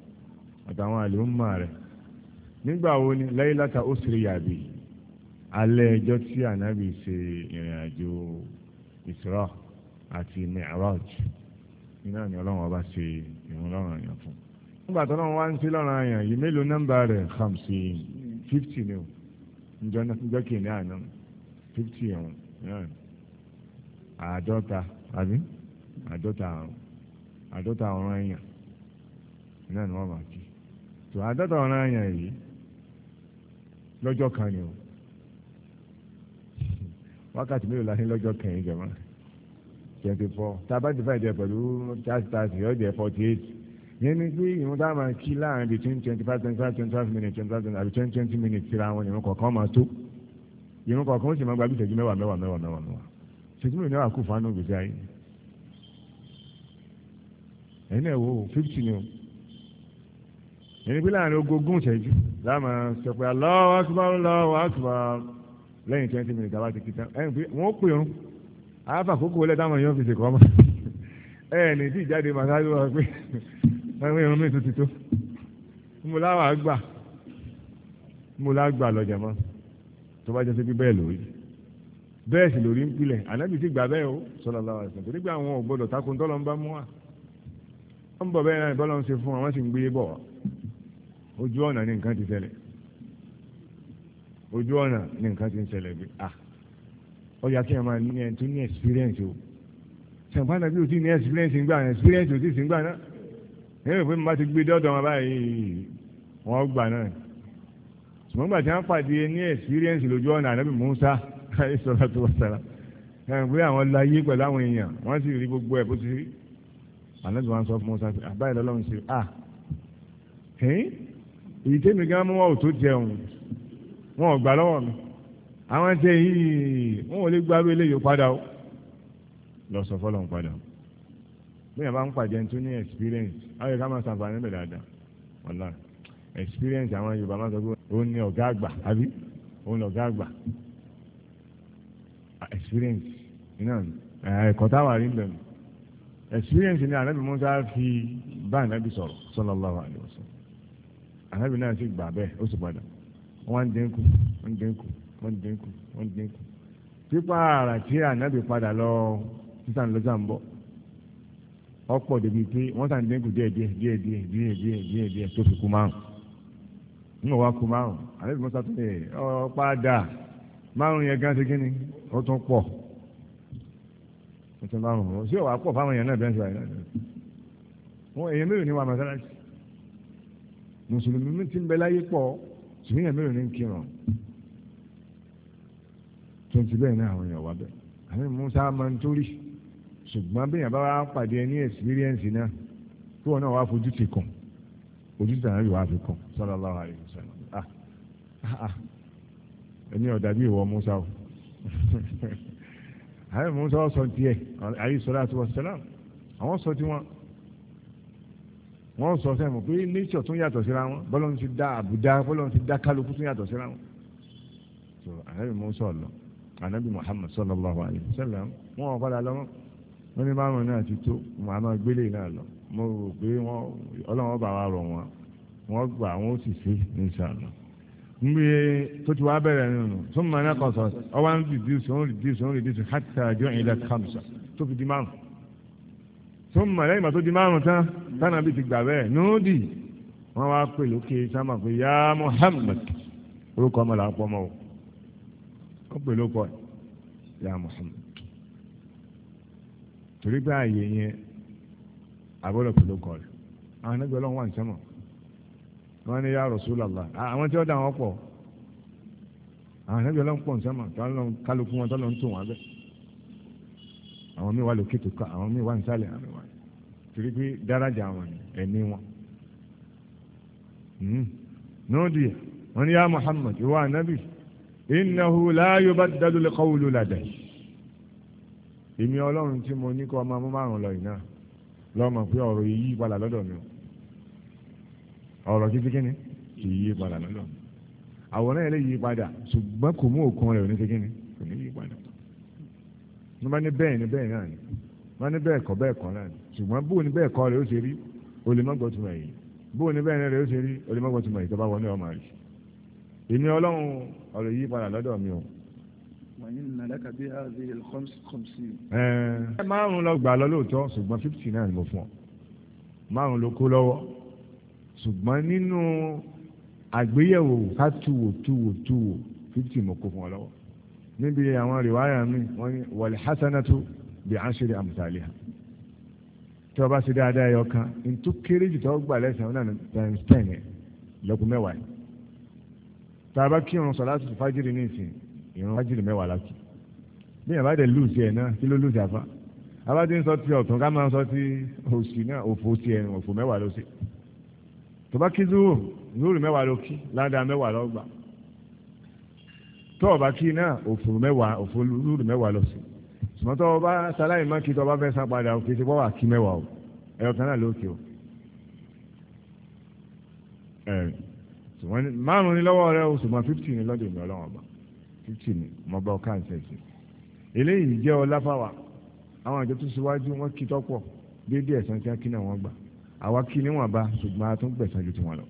àtàwọn àlùmọ́ rẹ̀ nígbà wo ni laylata usriya bi alẹ́ ẹjọ́ tí ànábì ṣe ìrìn àjò Isra àti Mi'raj iná ni ọlọ́run ọba ṣe ìrìn lọ́rọ̀ yẹn fún nígbà tó lọ́run wá ń ṣe lọ́rọ̀ yẹn yìí mélòó nọ́mbà rẹ̀ hamsi fifty ni o njọ́ njọ́ àná fifty yẹn àádọ́ta àbí àádọ́ta àrùn àádọ́ta ọ̀ràn ẹ̀yàn náà ni wọ́n máa kí tó àádọ́ta ọ̀ràn ẹ̀yàn yìí lọ́jọ́ kan ni o wákàtí mélòó la ní lọ́jọ́ kan jẹ̀mọ́ twenty four tá a ti fà pẹ̀lú thirty thirty yóò jẹ forty eight yẹn ni pé ìwọ̀n tá a máa kí láàrin between twenty five twenty five twenty five minutes twenty five àbí twenty twenty minutes síra wọn ìwọ̀n kọ̀ọ̀kan máa tó ìwọ̀n kọ̀ọ̀kan ó sì máa gba bí ìṣẹ́jú mẹ́wàá mẹ́wàá mẹ́wàá mẹ́wàá mẹ́wàá ìṣẹ́jú mẹ́wàá kù fún anú gbèsè ayé ẹ̀yin náà wò ó fifty ni o ẹni pé láàrin ogógún ìṣẹ́jú láàmà sọ pé Allahu Akbar Allahu Akbar lẹ́yìn twenty minutes àbá ti kí tán ẹni pé wọ́n pè ọ́n àáfàkókò lẹ́ táwọn èèyàn fi ṣèkọ́ ọmọ *laughs* ẹni tí ìjáde màtájú wa pé ẹni irun mi tuntun tó mo láwàá gbà mo lágbà lọ́jà mọ́ tó bá jẹ́ sí pé bẹ́ẹ̀ lórí bẹ́ẹ̀ sì lórí ń pilẹ̀ ànábì gbà bẹ́ẹ̀ o sallallahu alaihi wasallam torí pé àwọn ò gbọ́dọ̀ takò ń tọ́lọ́ ń bá mú wa ń bọ̀ bẹ́ẹ̀ náà ní bọ́lá ń ṣe fún wọn wọ́n sì ń gbé bọ̀ ojú ọ̀nà ni nǹkan ti ṣẹlẹ̀ ojú ọ̀nà ni nǹkan ti ń ṣẹlẹ̀ bí a ah. ó yà kí ẹ máa ní ẹ tó ní experience o ṣàǹfà náà bí o ti ní experience ń náà experience o ti sì ń gbà náà ẹ rò pé mo bá ti gbé dọ́dọ̀ wọn báyìí wọn gbà náà ṣùgbọ́n gbà tí wọ́n pàdé ní experience lójú ọ̀nà ànábì Musa ayé sọ̀rọ̀ tó wà sára ẹ̀ ń pé àwọn láyé pẹ̀lú àwọn èèyàn wọ́n sì rí gbogbo ẹ̀ bó ti rí ànábì wọn sọ fún Musa pé àbáyé ah, lọ́lọ́run ṣe à ah, ẹ̀yìn èyí tẹ́mi gan mú wọn ò tó jẹun wọn ò gbà lọ́wọ́ mi àwọn tẹ yìí wọn ò lè gbárù eléyìí padà o lọ sọ fọlọ́run padà o bẹ́ẹ̀ bá ń pàdé ẹni tó ní experience ayọ̀ ká máa ṣàǹfààní bẹ̀ dáadáa wàlá experience àwọn Yorùbá máa sọ pé òun ni ọ̀gá àgbà àbí òun ni ọ̀gá àgbà ah, experience iná ẹ̀kọ́ táwa rí bẹ̀rù experience ni anabi musa fi bá anabi sọ̀rọ̀ sallallahu alayhi wa sallam anabi náà sì gbà bẹ́ẹ̀ ó sì padà wọ́n dínkù wọ́n dínkù wọ́n dínkù wọ́n dínkù pípa àrà tí anabi padà lọ sísan lọ sàn bọ ọ̀pọ̀ débi pé wọ́n sàn dínkù díẹ̀ díẹ̀ díẹ̀ díẹ̀ díẹ̀ díẹ̀ díẹ̀ díẹ̀ tó fi kú márùn níwọ̀n wá kú márùn anabi musa tún lè ọ padà márùn yẹn gan ṣe kí ni ó tún pọ̀ tuntun bá wọn o ṣé wàá pọ̀ fáwọn èèyàn náà bẹ́ẹ̀ sọ àyàn wọn èèyàn mélòó ni wà mọ́sálásí mùsùlùmí ti ń bẹ láyé pọ̀ ṣùgbọ́n èèyàn mélòó ni ń kírun tó ti bẹ́ẹ̀ náà àwọn èèyàn wá bẹ́ẹ̀ àmì Musa máa ń torí ṣùgbọ́n bẹ́ẹ̀ bá wàá pàdé ní ẹ̀sìpírẹ́ǹsì náà kí wọn náà wàá fojú ti kàn ojú ti tàn án yóò wàá fi kàn sallallahu alaihi wasallam ah, ah, ah. ẹni ọ̀dà bí ìwọ Musa o. *laughs* àyè Musa sọ tiẹ̀ àyè sọlá àti wasalam àwọn sọ tiwọn wọ́n sọ sẹ́mu pé nature tún yàtọ̀ síra wọn bọ́lọ́n ti dá àbùdá bọ́lọ́n ti dá kálukú tún yàtọ̀ síra wọn. so anabi musa lọ anabi muhammad sallallahu alayhi wa sallam wọn ò padà lọ́wọ́ wọn ní báwọn náà ti tó wọn gbélé náà lọ mo rò pé wọn ọlọ́wọ́n bá wa rọ̀ wọn wọn gbà wọn ó sì ṣe ní sàlọ́ mgbe tó ti wá bẹ̀rẹ̀ nínú tó mọ̀ náà kọ̀ sọ̀rọ̀ ọwọ́ ń rìdíùsì ń rìdíùsì ń rìdíùsì hàtà àjọ ìlà kàmsà tó fi di márùn tó mọ̀ lẹ́yìn tó di márùn tán tánà bí ti gbà bẹ́ẹ̀ nùdì wọ́n wá pè lókè sáma pé yá Muhammad orúkọ ọmọ là ń pọ́ ọmọ o ó pè lókọ yá Muhammad torí pé àyè yẹn àbọ̀lọ̀ pè lókọ rẹ̀ àwọn ẹgbẹ́ ọlọ́run wà ní sẹ́mọ̀ wọ́n ní ya Rasulullah àwọn tí wọ́n dà wọ́n pọ̀ àwọn ẹ̀rẹ́bí ọlọ́run pọ̀ nsẹ́mà kálukú wọn tọ́lọ́ ń tò wọn abẹ́ àwọn míì wà lókè tó ká àwọn míì wà nísàlẹ̀ àmì wà torí pé dáràjà wọn ẹ̀mí wọn. Hmm. nọ́ọ̀dì wọ́n ní ya Muhammad ìwà ànábì innahu la yubaddalu al-qawlu ladayya èmi ọlọ́run tí mo ní kọ́ ọmọ márùn-ún lọ lọ́mọ pé ọ̀rọ̀ yìí yí padà lọ́dọ̀ mi o ọ̀rọ̀ títí kíni kì í yí padà lọ́dọ̀ àwòrán yẹn lè yí padà ṣùgbọ́n kò mú òkun rẹ̀ ní kíni kò ní yí padà wọ́n bá ní bẹ́ẹ̀ ni bẹ́ẹ̀ náà ni wọ́n ní bẹ́ẹ̀ kọ́ bẹ́ẹ̀ kọ́ náà ni ṣùgbọ́n bóò ní bẹ́ẹ̀ kọ́ rẹ̀ ó ṣe rí o lè má gbọ́ tuma yìí bóò ní bẹ́ẹ̀ rẹ̀ ó ṣe rí o má gbọ́ tuma yìí tó bá wọlé márùn-ún gbà lọ lóòótọ́ ṣùgbọ́n fífìtì náà ni mo fún ọ márùn ló kó lọ́wọ́ ṣùgbọ́n nínú àgbéyẹ̀wò ká tuwò tuwò tuwò fífitì mọ̀ kó fún ọ lọ́wọ́ níbi àwọn rìwáyà mi wọ́n ní wal hasanatu bi ashri amthaliha tí wọ́n bá ṣe dáadáa yọ kan ntú kéré jù tó gbà lẹ́sàn-án náà times ten ẹ̀ lọ́kùn mẹ́wàá yìí tá a bá kí irun sọ̀láṣì fájìrì ní ìsìn irun fájìrì mẹ́wàá láti bí yàrá dẹ̀ lùsì ẹ̀ náà kí ló lùsì àfa abájẹ́ ń sọ ti ọ̀tún ká máa ń sọ ti òsì náà òfò ti ẹ̀ òfò mẹ́wàá ló ṣe tó bá kí zuhur zuhur mẹ́wàá ló kí ládàá mẹ́wàá ló gbà tó o bá kí náà òfurufú mẹ́wàá òfurufú zuhur mẹ́wàá ló sí ṣùgbọ́n tó o bá sáláì má kí tó o bá fẹ́ san padà o kì í ṣe pọ́wà kí mẹ́wàá o ẹ̀rọ kan náà ló kí o. márùn-ún lọ́wọ́ rẹ o ṣùgbọ́n fifty ni lọ́dọ̀ ìgbà ọlọ́wọ́n ọba fifty ni mo bá ọ káàṣẹ́ eléyìí jẹ́ ọlá fáwa àwọn àjọ tó ṣíwájú wọn kí tọ́pọ̀ déédéé ẹ̀sán kí á kí náà wọ́n gbà àwa kí níwọ̀n bá ṣùgbọ́n a tún gbẹ̀sán ju tiwọn lọ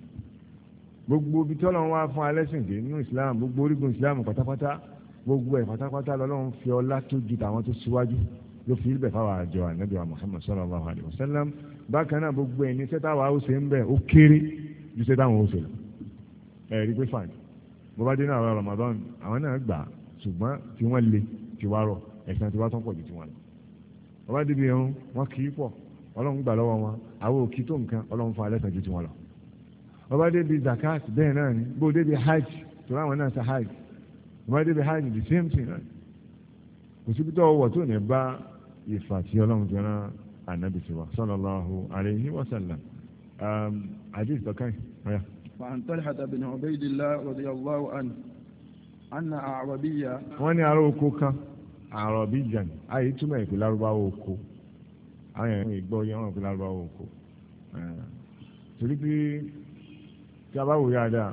gbogbo ibi tí ọlọ́run wá fún alẹ́sìn nínú islam gbogbo orígun islam pátápátá gbogbo ẹ̀ pátápátá lọ́lọ́run fi ọlá tó ju tàwọn tó síwájú ló fi ibẹ̀ fáwọn àjọ ànábì wa muhammad sallallahu alayhi wa sallam bákan náà gbogbo ẹ̀ ní sẹ́tà wa ó ṣe ń bẹ̀ ó kéré ju sẹ́tà wọn ó ṣe lọ ẹ̀ rí pé fàn bó bá dé náà àwọn ramadan àwọn náà gbà ṣùgbọ́n tí wọ́n le ti wá rọ ẹ̀sán ti wá tán pọ̀ ju tiwọn lọ bó bá débi ẹ̀hún wọ́n kì í pọ̀ ọlọ́run gbà lọ́wọ́ wọn àwọn òkì tó nǹkan ọlọ́run fún lọ. ọba débi zakat bẹ́ẹ̀ náà ni bó débi hajj tó láwọn náà sa hajj ọba débi hajj the same thing náà kò síbi tó tó ní bá ìfà tí ọlọ́run fi rán ànábì sí wa sallallahu alayhi wa um, wọ́n ní àwọn èèyàn ìgbọ́ yẹn wọn fi lárúbáwò kò torí pé tí a bá wò dáadáa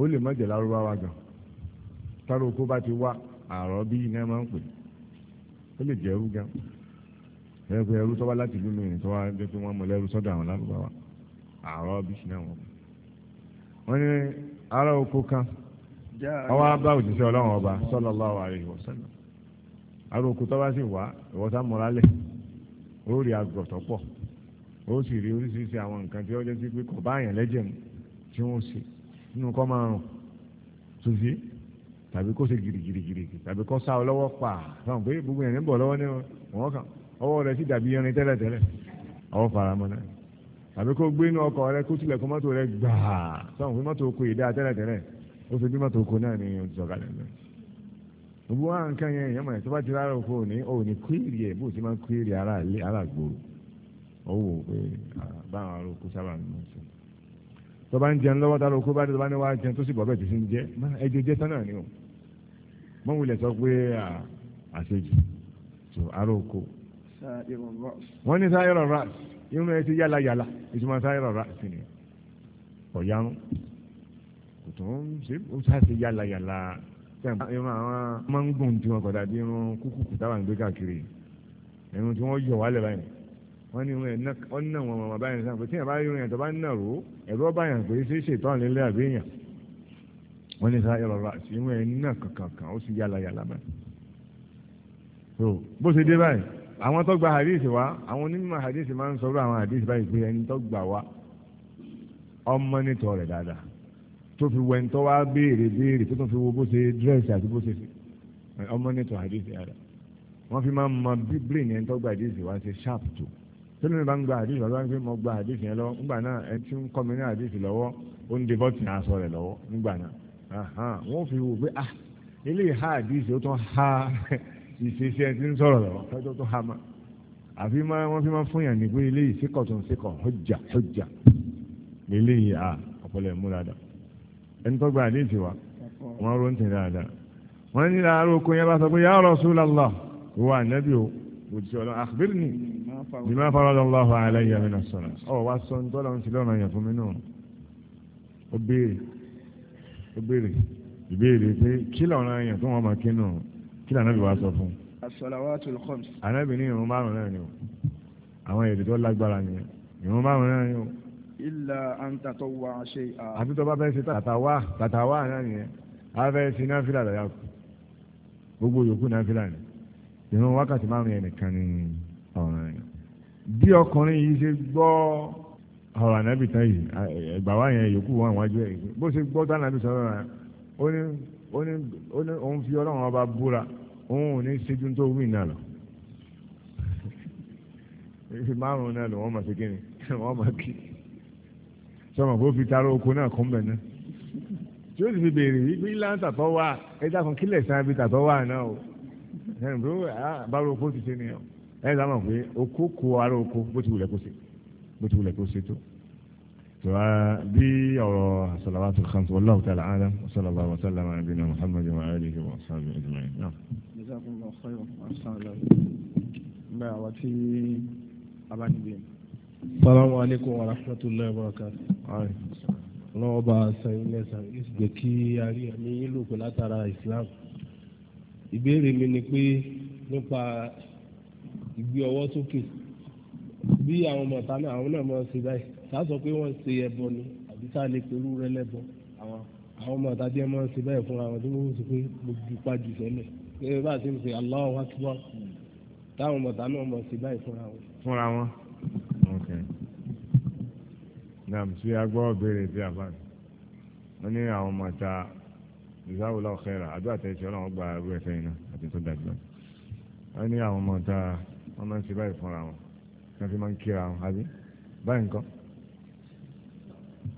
ó lè má jẹ́ lárúbáwá gan tọ́rọ oko bá ti wá àrọ́ bí iná máa ń pè ó lè jẹ́ ẹrú gan ẹrú ẹrú tó wá láti ìlú mìíràn tó wá pé wọ́n mọ lẹ́rú sọ́dọ̀ àwọn lárúbáwá àrọ́ bí iná wọn. wọ́n ní ará oko kan ọwọ́ abá òjíṣẹ́ ọlọ́run ọba sallallahu alaihi wasallam ará oko tó sì wá ìwọ́sá mọ́ra ó rí agọ̀tọ̀ pọ̀ ó sì rí oríṣiríṣi àwọn nǹkan tí wọ́n jẹ́ sí pé kò bá àyàn lẹ́jẹ̀ mu tí wọ́n ṣe nínú kọ́ máa rùn sósì tàbí kó ṣe gìrìgìrìgìrì tàbí kó sá ọ lọ́wọ́ pa fáwọn pé gbogbo yẹn ń bọ̀ lọ́wọ́ ní wọn kan ọwọ́ rẹ sì dàbí irin tẹ́lẹ̀tẹ́lẹ̀ ọwọ́ faramọ́ náà tàbí kó gbé inú ọkọ̀ rẹ kó tilẹ̀kùn mọ́tò rẹ gbàá fáwọn pé mọ́tò kò yìí dá tẹ́lẹ̀tẹ́lẹ̀ ó fi bí mọ́tò kò náà ní ọjọ́ kalẹ̀ náà gbogbo wa nǹkan yẹn èèyàn mọ̀ ẹ́ tó bá ti rárá oko òní òní kúrì ẹ̀ bó ti máa ń kúrì ara ilé alágbòrò ó wò pé báwọn ará oko sábà ń mọ̀ sí. tó bá ń jẹun lọ́wọ́ tá lóko bá dé tó bá ní wá jẹun tó sì bọ́ bẹ́ẹ̀ tó sì ń jẹ ẹjọ́ jẹ́ sánà ni o mọ̀ wulẹ̀ sọ pé àṣejù tó ará oko. wọ́n ní sáyẹ̀rọ̀ ras irun ẹ ti yálà yálà ìtumọ̀ sáyẹ̀rọ̀ ras ni ọ̀yárún kò tó ń ṣe ó sáà ti yálà yálà irun àwọn mangun tí wọn kọ̀dà bí irun kúkúkú táwọn gbé káàkiri irun tí wọ́n yọ̀ wálẹ̀ báyìí wọ́n ní irun ẹ̀ ọ̀nà wọn màmá báyìí sáà pé tí yàrá bá irun yẹn tó bá ń nàró ẹ̀rọ báyà pé ṣé ṣètò àwọn ilé àbí èèyàn wọ́n ní sáà yọ̀rọ̀ sí irun ẹ̀ nà kankan ó sì yàlà yàlà báyìí. bó ṣe dé báyìí àwọn tó gba hadith wa àwọn onímọ̀ hadith máa ń sọ tó fi wẹ̀ ńtọ́ wá béèrè béèrè tó tó fi wo bó ṣe dírẹ́sì àti bó ṣe fi ọmọ nítọ̀ àdéhìí ara wọ́n fi máa ń mọ bíbélì yẹn tó gba àdéhìí wá ṣe ṣáàpù tó tẹ́lẹ̀ mi bá ń gba àdéhìí lọ́wọ́ wípé mo gba àdéhìí yẹn lọ nígbà náà ẹ ti ń kọ́ mi ní àdéhìí lọ́wọ́ ó ń de bọ́tì aṣọ rẹ̀ lọ́wọ́ nígbà náà wọ́n fi wò pé ah ilé ìhá àdéhìí ó tún ha ìṣesí ẹ ti ń sọ̀rọ̀ lọ́wọ́ tọ́jọ́ tó ha ma àfi máa wọ́n fi máa fún yàn ní pé ilé ìṣekọ̀ tó ń ṣekọ̀ hujja hujja lélẹ́yìí à ọ̀pọ̀lọ̀ ìmúradà ẹni tó gba àdéhìí wa wọ́n rò ń tẹ̀ dáadáa wọ́n ní láàárọ̀ oko yẹn bá sọ pé ya Rasulullah wà nẹ́bí o kò tí ọlọ́ akhbirni bima farada Allahu alayya minas salat ọ wá sọ ń tọ́lọ́ ń ti lọ́nà yẹn fún mi náà ó béèrè ó béèrè ìbéèrè pé kí lọ́nà yẹn tó wọ́n máa kí náà kí lọ́nà bí wàá sọ fún un as-salawatul khams. anábìíní ìrún illa an tatawwa shay'a. àti tó bá fẹ́ ṣe tàtàwá tàtàwá náà nìyẹn a fẹ́ ṣe náfìlà lọ́yà kù gbogbo yòókù náfìlà ni ìrun wákàtí márùn yẹn nìkan ni ọ̀ràn yẹn. bí ọkùnrin yìí ṣe gbọ́ ọ̀rọ̀ ànábì tán yìí ẹ̀gbà wá yẹn yòókù wọn wájú ẹ̀ bó ṣe gbọ́ tánàbì sọ̀rọ̀ rẹ̀ ó ní òun fi ọlọ́run ọba búra òun ò ní ṣẹ́jú tó wí náà lọ *laughs* márùn náà ló wọ́n máa ṣe kí ni *laughs* wọ́n máa kí ni sọmọ kó fi tara oko náà kún bẹ̀ náà tí ó sì fi béèrè wípé ìlànà tàtọ́ wà ẹja kan kílẹ̀ sáà fi tàtọ́ wà náà o ẹnì pé ah, báwo oko ti ṣe nìyẹn ẹ ẹ sábà pé oko kó ara oko bó ti wulẹ̀ kó ṣe bó ti wulẹ̀ kó ṣe tó tó a bí ọ̀rọ̀ as-salawatu al-khams wallahu ta'ala a'lam wa sallallahu wa sallama wa alihi wa sahbihi ajma'in bẹ́ẹ̀ àwọn tí a bá salamu alaikum wa rahmatulahi wa barakatuh ọlọ́wọ́ bá a san ilé san ìsìgbè kí a rí ẹ̀mí ìlú pẹ̀lú látara Islam ìbéèrè mi ni pé nípa ìgbé ọwọ́ sókè bí àwọn mọ̀tá náà àwọn náà máa ń ṣe báyìí tá a sọ pé wọ́n ń ṣe ẹbọ ni àbí tá a lè pẹ̀lú rẹ lẹ́bọ àwọn àwọn mọ̀tá díẹ̀ máa ń ṣe báyìí fúnra wọn tí wọ́n sọ pé mo ju pàjù sẹ́lẹ̀ gẹ́gẹ́ bá a ti ń ṣe Allahu Akbar táwọn mọ̀tá náà máa ń ṣe báyìí fúnra wọn. Okay. Naam sí agbọ́ béèrè sí àfáàní. Wọ́n ní àwọn ọmọ ta ìsáwòlá ọ̀kẹ́rà àdúrà tẹ̀sí ọlọ́run gba ẹrú ẹ̀fẹ́ iná àti tó dàgbà. Wọ́n ní àwọn ọmọ ta wọ́n máa ń ṣe báyìí fúnra wọn. Wọ́n fi máa ń kíra wọn, àbí? Báyìí nǹkan.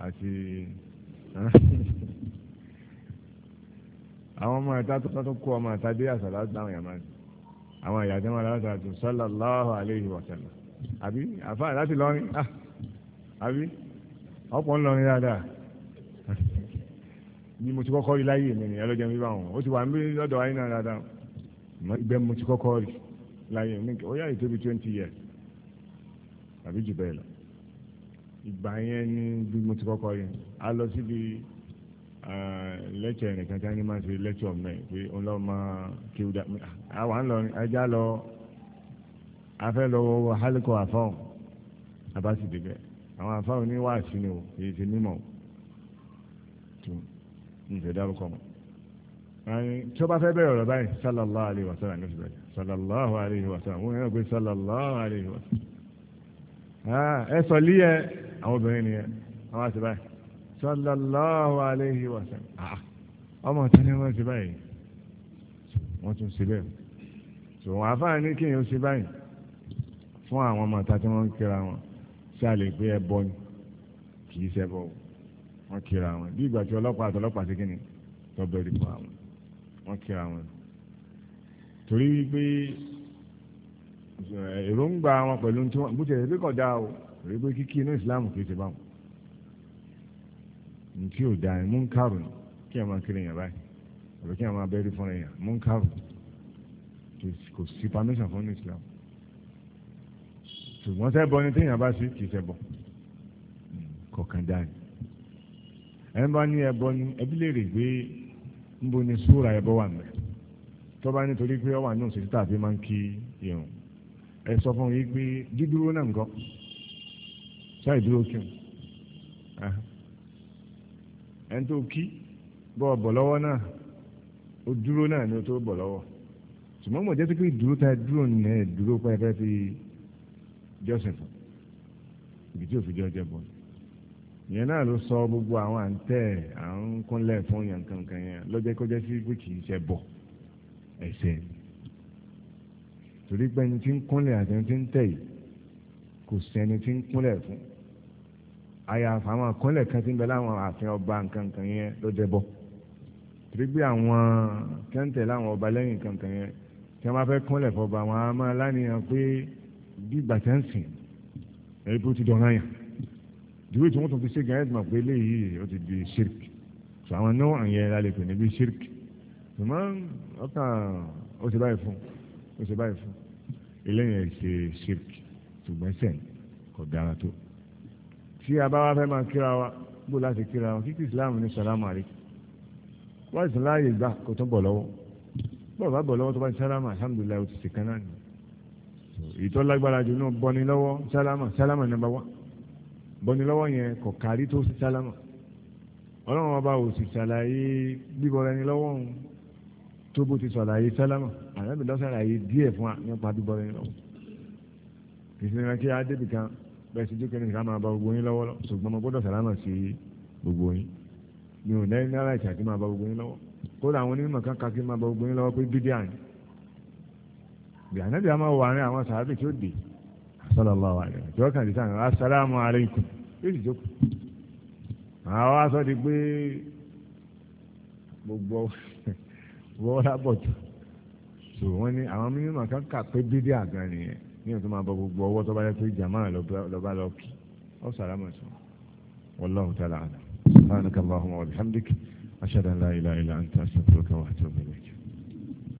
Àti àwọn ọmọ ẹ̀ta tó tó kó ọmọ ẹ̀ta dé àṣà láti dáhùn yàrá. Àwọn ìyá tí wọ́n lára tó sallallahu alayhi wa sallam àbí àfáà láti lọrin ah, àbí ọ̀pọ̀ ń lọrin dáadáa ni mo ti kọ́kọ́ rí láyé mi nìyẹn lọ́jọ́ mi bá wọn ó ti wà níbi lọ́dọ̀ ayé náà dáadáa ìgbẹ́ mo ti kọ́kọ́ rí láyé mi ó yà ìtóbi twenty years àbí jù bẹ́ẹ̀ lọ ìgbà yẹn ni bí mo ti kọ́kọ́ rí a lọ síbi lẹ́kṣọ̀ nìkan tí wọ́n ní máa ń ṣe lẹ́kṣọ̀ mẹ́rin kí ó dá àwọn àlọ́ ẹja lọ afẹ́ lọ wọ hálíkọ àfọ́n abasi dìbẹ́ àwọn àfọ́n ní wáàsí ni o èyí ti mímọ́ o tó nfẹ̀ dárúkọ mọ́ tí ó bá fẹ́ bẹ̀rẹ̀ ọ̀rọ̀ báyìí sallallahu alayhi wa sallam ní oṣù sallallahu alayhi wa sallam wọ́n yẹn gbé sallallahu alayhi wa sallam ẹ sọ lí ẹ àwọn obìnrin ni ẹ àwọn àti báyìí sallallahu alayhi wa sallam ọmọ tí wọ́n ti báyìí wọ́n tún ṣe bẹ́ẹ̀ tó wọ́n àfáà ní kéèyàn ṣe báyìí fún àwọn ọmọ àtà tí wọ́n ń kíra wọn ṣáàlè pé ẹbọ ni kì í ṣẹbọ wọ́n kíra wọn bí ìgbà tí ọlọ́pàá àtọlọ́pàá ṣe kíni tó bẹ̀rẹ̀ fún àwọn wọ́n kíra wọn. torí wípé èròǹgbà wọn pẹ̀lú tí wọ́n bùtẹ̀ ẹ̀rí kọjá o rí pé kíkí inú ìsìláàmù kì í ṣe báwọn. nítí ò dáa mú ń kárùn kí ẹ máa kiri yàn báyìí àbí kí ẹ máa bẹ́rí fún ẹ̀yàn mú ń kárùn kò sí permission fún ìsìláàmù ṣùgbọ́n ṣẹbọ ni téèyàn bá sí kì í ṣẹbọ kọ̀ọ̀kan dáni ẹni bá ní ẹbọ ni ẹbí lè rè gbé níbo ni súra ẹbọ wà mẹ tó bá nítorí pé ọwà náà ṣètìtà àbí máa ń kí irun ẹ sọ fún yín pé dídúró náà nǹkan ṣáà ìdúró kí n ẹni tó kí bọ́ ọ bọ̀ lọ́wọ́ náà ó dúró náà ni ó tó bọ̀ lọ́wọ́ ṣùgbọ́n mo jẹ́ sí pé ìdúró ta dúró nìyẹn dúró pẹ́ẹ́pẹ́ fi joseph ibi tí òfin jọ jẹ bọ ìyẹn náà ló sọ gbogbo àwọn àǹtẹ à ń kúnlẹ̀ fún yàn kankan yẹn lọ́jọ́ kọjá sí pé kì í ṣe bọ ẹsẹ̀ torí pé ẹni tí ń kúnlẹ̀ àti ẹni tí ń tẹ̀ yìí kò sẹ́ni tí ń kúnlẹ̀ fún àyàfà àwọn àkọọ́lẹ̀ kan ti ń bẹ láwọn ààfin ọba nkankan yẹn ló jẹ bọ torí pé àwọn tẹ́ǹtẹ̀ láwọn ọba lẹ́yìn nkankan yẹn tí wọ́n bá fẹ́ kúnlẹ̀ fọba wọn á máa lánìyàn pé bí ìgbà tẹ́ ń sìn ẹ̀rí pé ó ti dọ̀ràn yàn ìdúró tí wọ́n tún fi ṣe gan ẹ̀dùn àpò eléyìí ó ti di shirk sọ àwọn náà àyẹ̀ lálẹ́ pè níbi shirk ṣùgbọ́n ọkàn ó ti báyìí fún ó ti báyìí fún eléyìí ṣe shirk ṣùgbọ́n sẹ́yìn kò dára tó tí a bá wá fẹ́ máa kíra wa bó láti kíra wa kíkí ìsìláàmù ní sàlámù àríkù wọ́n ìsìláàyè gbà kó tó bọ̀ lọ́wọ́ bọ́ọ̀ bá bọ̀ lọ́wọ́ tó bá ti sàlámù alhamdulilayi ó èyí tó lágbára jù náà bọ́ni lọ́wọ́ sálámà sálámà nàmbà wá bọ́ni lọ́wọ́ yẹn kò kárí tó sí sálámà ọlọ́run ọba ò sì ṣàlàyé bíbọra ẹni lọ́wọ́ òun tó bó ti ṣàlàyé sálámà àyàbí lọ́sàlàyé díẹ̀ fún wa nípa bíbọra ẹni lọ́wọ́ ìsinmi kí adébì kan bẹ́ẹ̀ sì jókè ní ìka máa bá gbogbo yín lọ́wọ́ ṣùgbọ́n mo gbọ́dọ̀ sálámà sí gbogbo yín mi ò lẹ́yìn náírà ìṣàkí máa bá gbogbo yín lọ́wọ́ kódà àwọn onímọ̀ kan kàkí máa bá gbogbo yín lọ́wọ́ pé bídíà ni bí ànábì àmọ́ wà ní àwọn sàábì tí ó dé sallallahu alaihi tí wọ́n kàn dé sáà assalamu alaikum yóò sì jókòó àwọn aṣọ ti gbé *laughs* gbogbo wọ́ọ́rá bọ̀ jù so wọ́n ní àwọn mímọ̀ kan kà pé bídí àgbà nìyẹn ní ìtọ́ máa bọ gbogbo ọwọ́ tó bá yẹ pé jàmáà lọ́ba lọ kí ọ sàlámà sọ wallahu ta'ala a'lam subhanaka allahumma wa bihamdik ashhadu an la ilaha illa anta astaghfiruka wa atubu ilayk